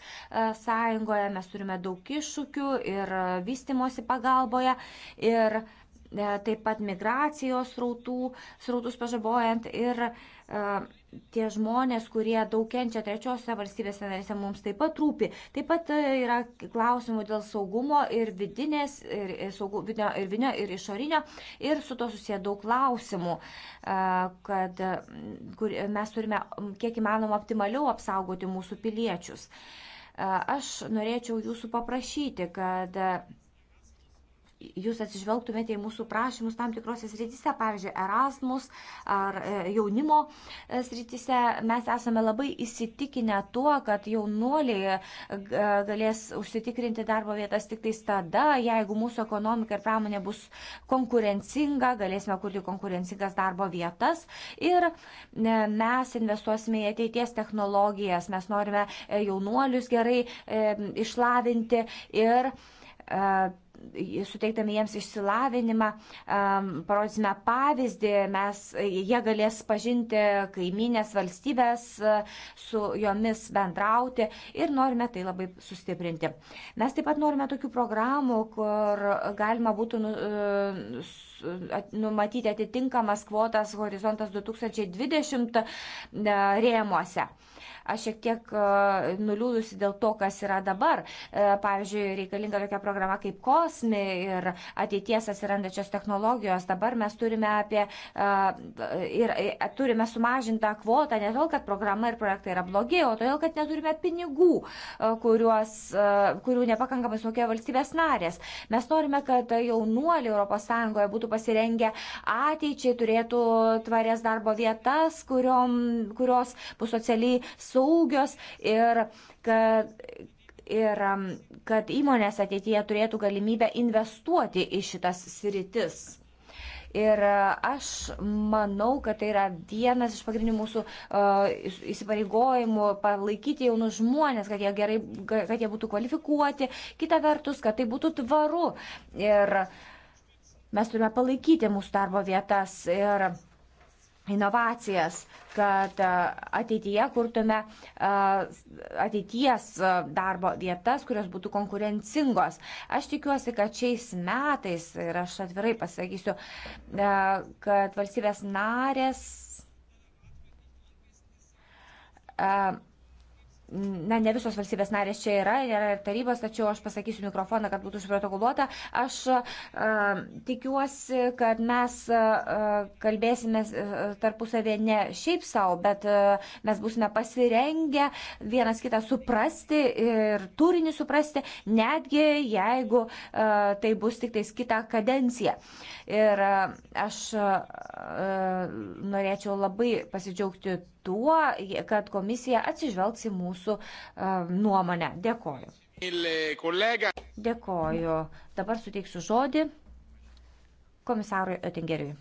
Sąjungoje, mes turime daug iššūkių ir vystimosi pagalboje. Ir taip pat migracijos srautų, srautus pažabojant ir uh, tie žmonės, kurie daug kenčia trečiose valstybėse narėse, mums taip pat rūpi. Taip pat e, yra klausimų dėl saugumo ir vidinės, ir, saugu, vidinio, ir vidinio, ir išorinio, ir su to susiję daug klausimų, e, kad kur, mes turime kiek įmanoma optimaliau apsaugoti mūsų piliečius. E, aš norėčiau jūsų paprašyti, kad jūs atsižvelgtumėte į mūsų prašymus tam tikrose srityse, pavyzdžiui, Erasmus ar e, jaunimo e, srityse. Mes esame labai įsitikinę tuo, kad jaunuoliai e, galės užsitikrinti darbo vietas tik tais tada, jeigu mūsų ekonomika ir pramonė bus konkurencinga, galėsime kurti konkurencingas darbo vietas ir mes investuosime į ateities technologijas, mes norime jaunuolius gerai išlavinti ir suteikdami jiems išsilavinimą, parodysime pavyzdį, mes, jie galės pažinti kaiminės valstybės, su jomis bendrauti ir norime tai labai sustiprinti. Mes taip pat norime tokių programų, kur galima būtų nu, e, numatyti atitinkamas kvotas horizontas 2020 e, rėmuose. Aš šiek tiek e, nuliūdusi dėl to, kas yra dabar. E, pavyzdžiui, reikalinga tokia programa kaip Kosmi ir ateities atsirandačios technologijos. Dabar mes turime apie e, ir turime sumažintą kvotą ne todėl, kad programa ir projektai yra blogi, o todėl, kad neturime pinigų, kuriuos, kurių nepakankamai sumokėjo valstybės narės. Mes norime, kad jaunuoliai ES būtų pasirengę ateičiai, turėtų tvarės darbo vietas, kuriom, kurios bus socialiai saugios ir kad, ir um, kad įmonės ateityje turėtų galimybę investuoti į šitas sritis. Ir uh, aš manau, kad tai yra vienas iš pagrindinių mūsų uh, įsipareigojimų palaikyti jaunus žmonės, kad jie, gerai, kad jie būtų kvalifikuoti, kita vertus, kad tai būtų tvaru. Ir mes turime palaikyti mūsų darbo vietas. Ir inovacijas, kad e, ateityje kurtume e, ateities e, darbo vietas, kurios būtų konkurencingos. Aš tikiuosi, kad šiais metais, ir aš atvirai pasakysiu, kad valstybės narės na, ne visos valstybės narės čia yra, yra ir tarybos, tačiau aš pasakysiu mikrofoną, kad būtų užprotokoluota. Aš a, tikiuosi, kad mes a, kalbėsime tarpusavė ne šiaip savo, bet a, mes būsime pasirengę vienas kitą suprasti ir turinį suprasti, netgi jeigu a, tai bus tik tais kitą kadenciją. Ir a, aš a, norėčiau labai pasidžiaugti tuo, kad komisija atsižvelgs į mūsų e, nuomonę. Dėkoju. Dėkoju. Dabar suteiksiu žodį komisarui Oettingeriui.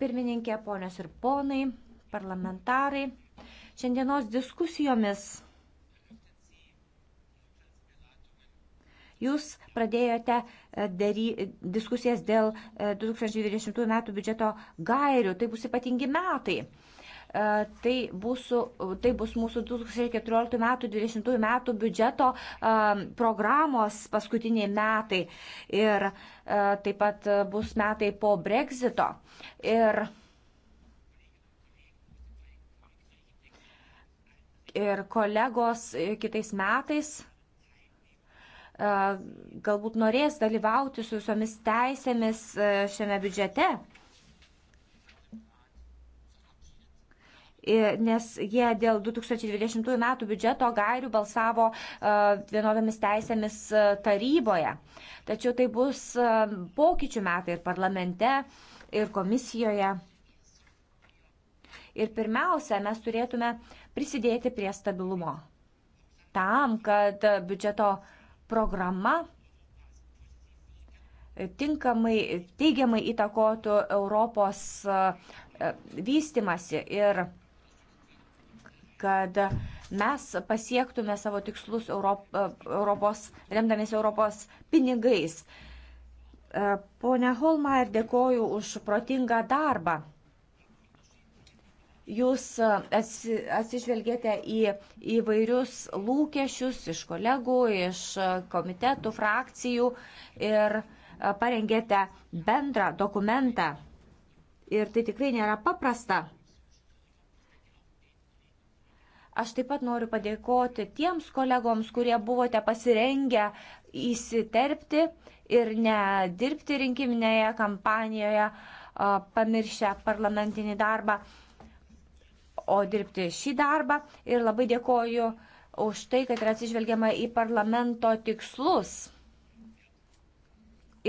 Pirmininkė, ponios ir ponai, parlamentarai, šiandienos diskusijomis Jūs pradėjote e, dary, diskusijas dėl 2020 e, m. biudžeto gairių. Tai bus ypatingi metai. E, tai bus, tai bus mūsų 2014 m. 2020 m. biudžeto programos paskutiniai metai. Ir taip pat bus metai po Brexito. Ir ir kolegos kitais metais E, galbūt norės dalyvauti su visomis teisėmis e, šiame biudžete. Nes jie dėl 2020 metų biudžeto gairių balsavo e, vienodomis teisėmis taryboje. Tačiau tai bus pokyčių metai ir parlamente, ir komisijoje. Ir pirmiausia, mes turėtume prisidėti prie stabilumo. Tam, kad biudžeto uh, programa tinkamai, teigiamai įtakotų Europos e, vystimasi ir kad mes pasiektume savo tikslus Europ, e, Europos, remdamės Europos pinigais. E, Pone Holmaier, dėkoju už protingą darbą. Jūs e, atsižvelgėte į įvairius lūkesčius iš kolegų, iš e, komitetų, frakcijų ir e, parengėte bendrą dokumentą. Ir tai tikrai nėra paprasta. Aš taip pat noriu padėkoti tiems kolegoms, kurie buvote pasirengę įsiterpti ir nedirbti rinkiminėje kampanijoje, pamiršę parlamentinį darbą o dirbti šį darbą ir labai dėkoju už tai, kad yra atsižvelgiama į parlamento tikslus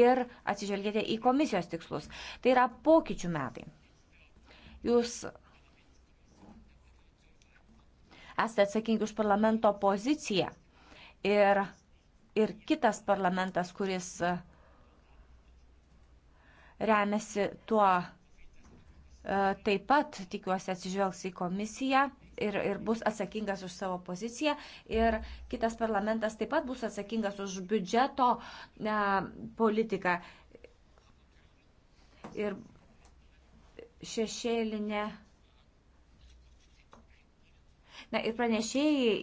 ir atsižvelgėte į komisijos tikslus. Tai yra pokyčių metai. Jūs esate atsakingi už parlamento poziciją ir, ir kitas parlamentas, kuris e, remiasi tuo E, taip pat tikiuosi atsižvelgs į komisiją. Ir, ir bus atsakingas už savo poziciją. Ir kitas parlamentas taip pat bus atsakingas už biudžeto e, politiką. Ir šešėlinė. Na ir pranešėjai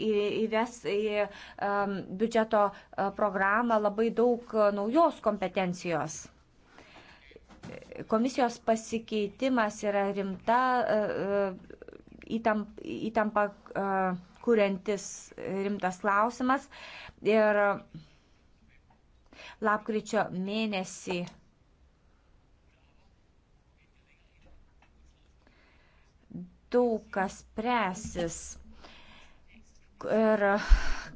įves į um, biudžeto e, programą labai daug naujos kompetencijos komisijos pasikeitimas yra rimta e, e, įtampa, įtampa e, kuriantis rimtas klausimas. Ir lapkričio mėnesį daug kas presis. Ir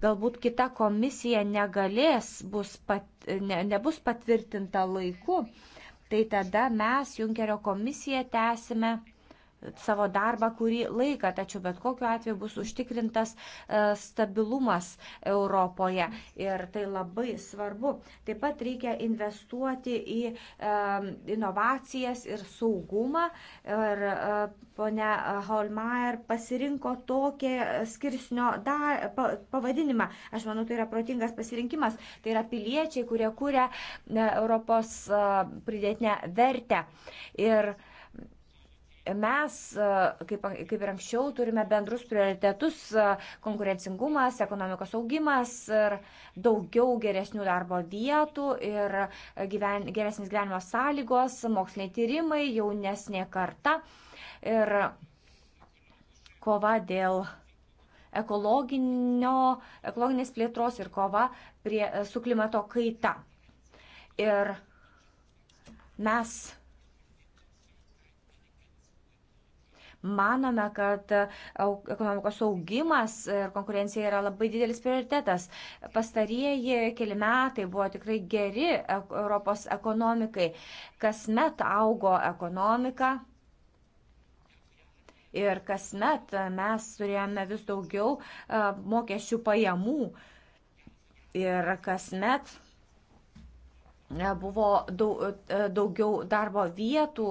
galbūt kita komisija negalės, bus pat, ne, nebus patvirtinta laiku. Uh, tai tada mes, Junkerio komisija, tęsime savo darbą kurį laiką, tačiau bet kokiu atveju bus užtikrintas e, stabilumas Europoje ir tai labai svarbu. Taip pat reikia investuoti į e, inovacijas ir saugumą ir e, ponia Holmeier pasirinko tokį skirsnio da, pa, pavadinimą. Aš manau, tai yra protingas pasirinkimas. Tai yra piliečiai, kurie kūrė Europos pridėtinę vertę. Ir uh, Mes, e, kaip, kaip ir anksčiau, turime bendrus prioritetus e, - konkurencingumas, ekonomikos augimas ir daugiau geresnių darbo vietų ir gyven, geresnis gyvenimo sąlygos, moksliniai tyrimai, jaunesnė karta ir kova dėl ekologinės plėtros ir kova prie, su klimato kaita. Ir mes manome, kad e, ekonomikos augimas ir konkurencija yra labai didelis prioritetas. Pastarieji keli metai buvo tikrai geri Europos ekonomikai. Kasmet augo ekonomika. Ir kasmet mes turėjome vis daugiau e, mokesčių pajamų. Ir kasmet E, buvo e, daugiau darbo vietų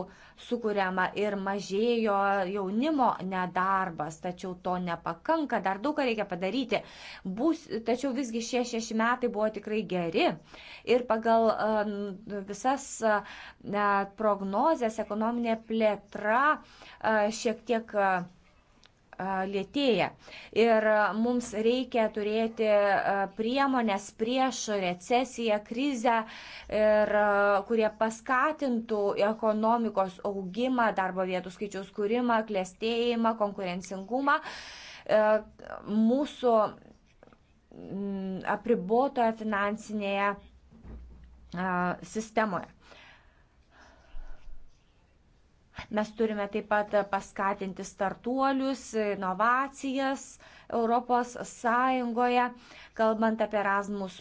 sukūriama ir mažėjo jaunimo nedarbas, tačiau to nepakanka, dar daug ką reikia padaryti. Bus, tačiau visgi šie šeši metai buvo tikrai geri ir pagal e, visas prognozes ekonominė plėtra šiek tiek lėtėja. Ir mums reikia turėti priemonės prieš recesiją, krizę, ir, kurie paskatintų ekonomikos augimą, darbo vietų skaičiaus kūrimą, klėstėjimą, konkurencingumą. E, mūsų apribotoje finansinėje sistemoje. Mes turime taip pat paskatinti startuolius, inovacijas Europos Sąjungoje, kalbant apie Erasmus.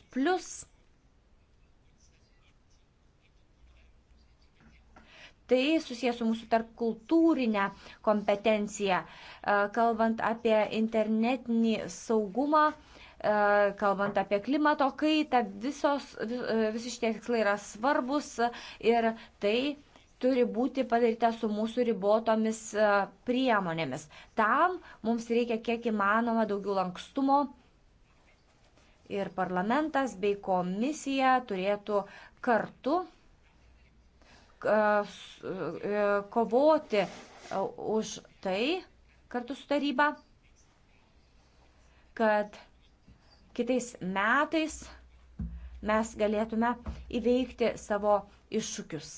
Tai susijęs su mūsų tarpkultūrinė kompetencija, e, kalbant apie internetinį saugumą, e, kalbant apie klimato kaitą, visos, vis, e, visi šitie tikslai yra svarbus ir tai turi būti padaryta su mūsų ribotomis e, priemonėmis. Tam mums reikia kiek įmanoma daugiau lankstumo ir parlamentas bei komisija turėtų kartu e, e, kovoti už tai kartu su taryba, kad kitais metais mes galėtume įveikti savo iššūkius.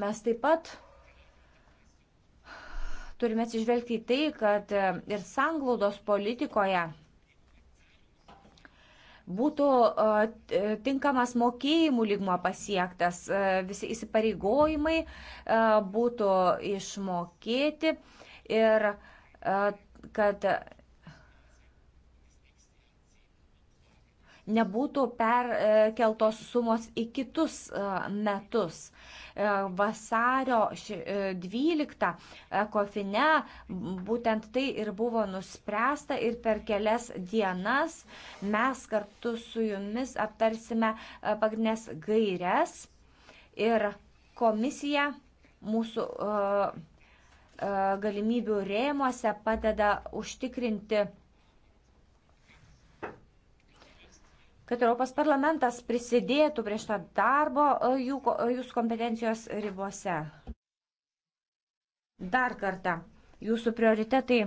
Mes taip pat turime atsižvelgti į tai, kad ir sanglaudos politikoje būtų tinkamas mokėjimų lygmo pasiektas, visi įsipareigojimai būtų išmokėti ir kad nebūtų perkeltos sumos į kitus e, metus. E, vasario 12 e, kofine būtent tai ir buvo nuspręsta ir per kelias dienas mes kartu su jumis aptarsime pagrindinės gairias ir komisija mūsų galimybių rėmuose padeda užtikrinti kad Europos parlamentas prisidėtų prie šito darbo e, jų, e, jūsų kompetencijos ribose. Dar kartą, jūsų prioritetai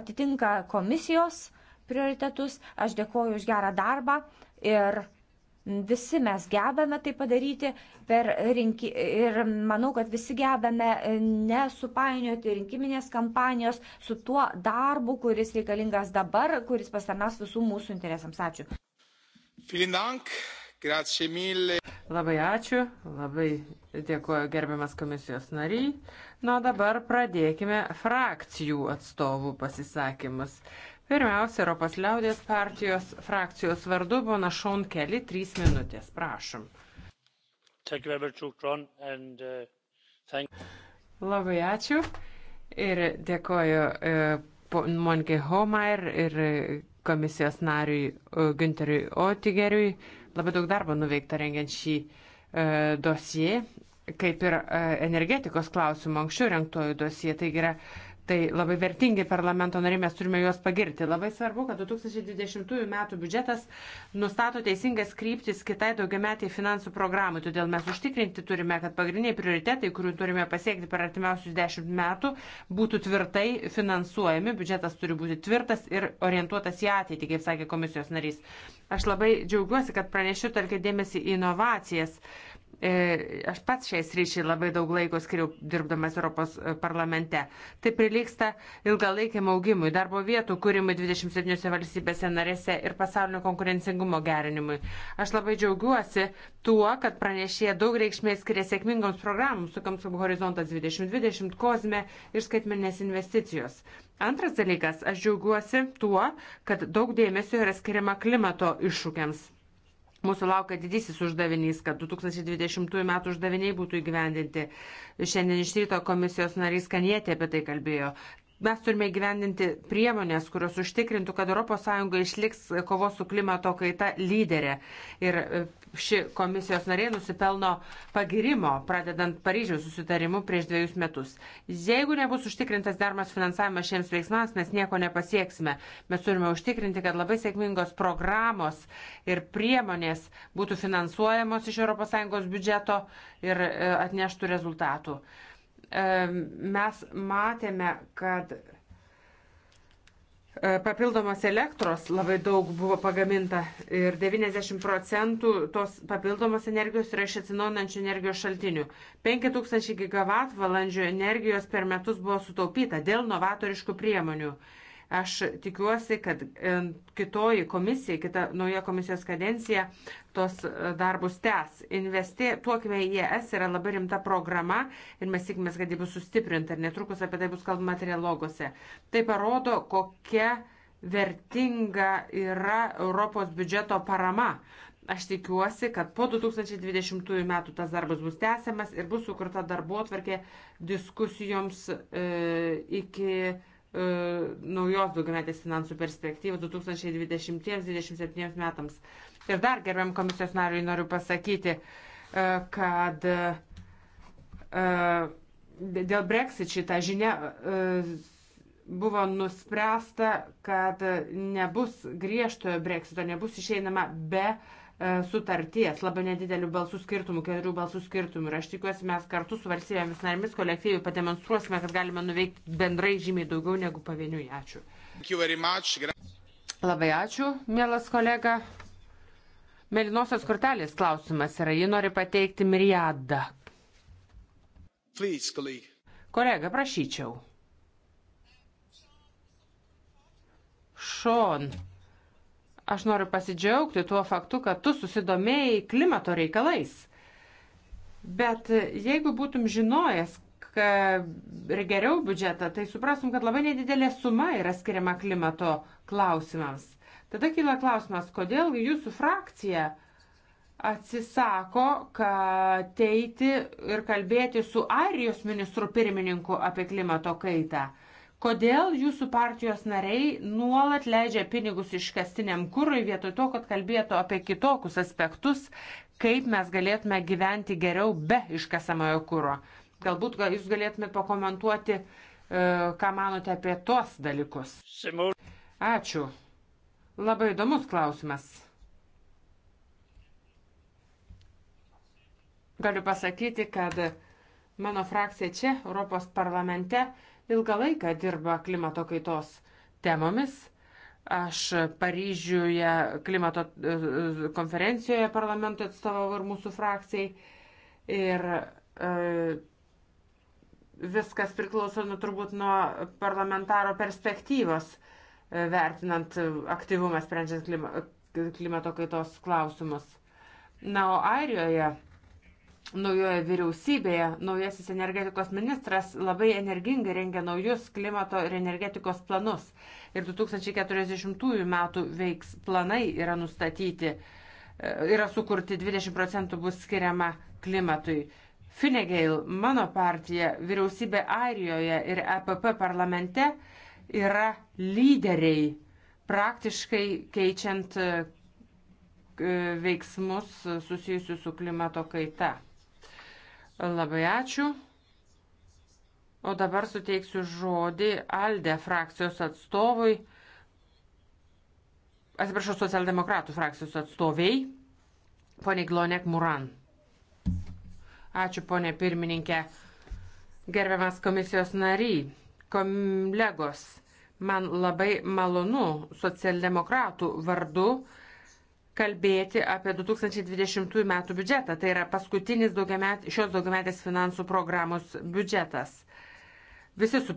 atitinka komisijos prioritetus. Aš dėkoju už gerą darbą ir Visi mes gebame tai padaryti rinki... ir manau, kad visi gebame e, nesupainioti rinkiminės kampanijos su tuo darbu, kuris reikalingas dabar, kuris pastarnas visų mūsų interesams. Ačiū. Labai ačiū, labai dėkuoju gerbiamas komisijos nariai. Nuo dabar pradėkime frakcijų atstovų pasisakymus. Pirmiausia, Europos liaudės partijos frakcijos vardu Bona Šon Keli, trys minutės, prašom. Uh, Labai ačiū ir dėkoju e, Monkei Homair ir komisijos nariui e, Günteriui Otigeriui. Labai daug darbo nuveikta rengiant šį e, dosiją, kaip ir energetikos klausimų anksčiau renktojų dosiją. Taigi yra Tai labai vertingi parlamento nariai, mes turime juos pagirti. Labai svarbu, kad 2020 m. biudžetas nustato teisingas kryptis kitai daugiametiai finansų programai. Todėl mes užtikrinti turime, kad pagrindiniai prioritetai, kurių turime pasiekti per artimiausius dešimt metų, būtų tvirtai finansuojami. Biudžetas turi būti tvirtas ir orientuotas į ateitį, kaip sakė komisijos narys. Aš labai džiaugiuosi, kad pranešiu tarkė dėmesį į inovacijas. Uh, E, aš pats šiais ryšiai labai daug laiko skiriau dirbdamas Europos e, parlamente. Tai priliksta ilgalaikiam augimui, darbo vietų kūrimui 27 valstybėse narėse ir pasaulinio konkurencingumo gerinimui. Aš labai džiaugiuosi tuo, kad pranešėje daug reikšmės skiria sėkmingoms programoms, tokiams kaip Horizontas 2020, Kozme ir skaitmenės investicijos. Antras dalykas, aš džiaugiuosi tuo, kad daug dėmesio yra skiriama klimato iššūkiams Mūsų laukia didysis uždavinys, kad 2020 m. uždaviniai būtų įgyvendinti. Šiandien iš ryto komisijos narys Kanietė apie tai kalbėjo. Mes turime gyvendinti priemonės, kurios užtikrintų, kad ES išliks kovos su klimato kaita lyderė. Ir e, ši komisijos narė nusipelno pagirimo, pradedant Paryžiaus susitarimu prieš dviejus metus. Jeigu nebus užtikrintas darmas finansavimas šiems veiksmams, mes nieko nepasieksime. Mes turime užtikrinti, kad labai sėkmingos programos ir priemonės būtų finansuojamos iš ES biudžeto ir e, atneštų rezultatų mes matėme, kad e, papildomos elektros labai daug buvo pagaminta ir 90 procentų tos papildomos energijos yra iš atsinaujinančių energijos šaltinių. 5000 gigavatvalandžių energijos per metus buvo sutaupyta dėl novatoriškų priemonių. Aš tikiuosi, kad e, kitoji komisija, kita nauja komisijos kadencija tos e, darbus tęs. Investuokime į ES yra labai rimta programa ir mes tikime, kad ji bus sustiprinta ir netrukus apie tai bus kalbama trialoguose. Tai parodo, kokia vertinga yra Europos biudžeto parama aš tikiuosi, kad po 2020 metų tas darbas bus tęsiamas ir bus sukurta darbo atvarkė diskusijoms e, iki E, naujos daugiametės finansų perspektyvos 2020-2027 metams. Ir dar gerbiam komisijos nariui noriu pasakyti, e, kad e, dėl Brexit šitą žinią buvo nuspręsta, kad nebus griežtojo Brexito, nebus išeinama be uh, E, sutarties labai nedidelių balsų skirtumų, keturių balsų skirtumų. Ir aš tikiuosi, mes kartu su valstybėmis narėmis kolektyviai pademonstruosime, kad galime nuveikti bendrai žymiai daugiau negu pavieniui. Ačiū. Labai ačiū, mielas kolega. Melinosios kortelės klausimas yra, ji nori pateikti miriadą. Please, colleague. Kolega, prašyčiau. Šon. Aš noriu pasidžiaugti tuo faktu, kad tu susidomėjai klimato reikalais. Bet jeigu būtum žinojęs, kad geriau biudžetą, tai suprastum, kad labai nedidelė suma yra skiriama klimato klausimams. Tada kyla klausimas, kodėl jūsų frakcija atsisako ateiti ir kalbėti su Airijos ministru pirmininku apie klimato kaitą. Kodėl jūsų partijos nariai nuolat leidžia pinigus iškastiniam kūrui vietoj to, kad kalbėtų apie kitokius aspektus, kaip mes galėtume gyventi geriau be iškasamojo kūro? Galbūt gal jūs galėtumėte pakomentuoti, e, ką manote apie tuos dalykus. Ačiū. Labai įdomus klausimas. Galiu pasakyti, kad mano frakcija čia, Europos parlamente, ilgą laiką dirba klimato kaitos temomis. Aš Paryžiuje klimato e, konferencijoje parlamento atstovau ir mūsų frakcijai. Ir e, viskas priklauso nu, turbūt nuo parlamentaro perspektyvos, e, vertinant aktyvumą sprendžiant klima, klimato kaitos klausimus. Na, o Airijoje naujoje vyriausybėje naujasis energetikos ministras labai energingai rengia naujus klimato ir energetikos planus. Ir 2040 metų veiks planai yra nustatyti, e, yra sukurti 20 procentų bus skiriama klimatui. Finegail, mano partija, vyriausybė Airijoje ir EPP parlamente yra lyderiai praktiškai keičiant e, veiksmus susijusius su klimato kaita. Labai ačiū. O dabar suteiksiu žodį Alde frakcijos atstovui, atsiprašau, socialdemokratų frakcijos atstoviai, poniai Glonek Muran. Ačiū, ponė pirmininkė. Gerbiamas komisijos nariai, kolegos, man labai malonu socialdemokratų vardu kalbėti apie 2020 m. biudžetą. Tai yra paskutinis daugiamet, šios daugiametės finansų programos biudžetas. Visi su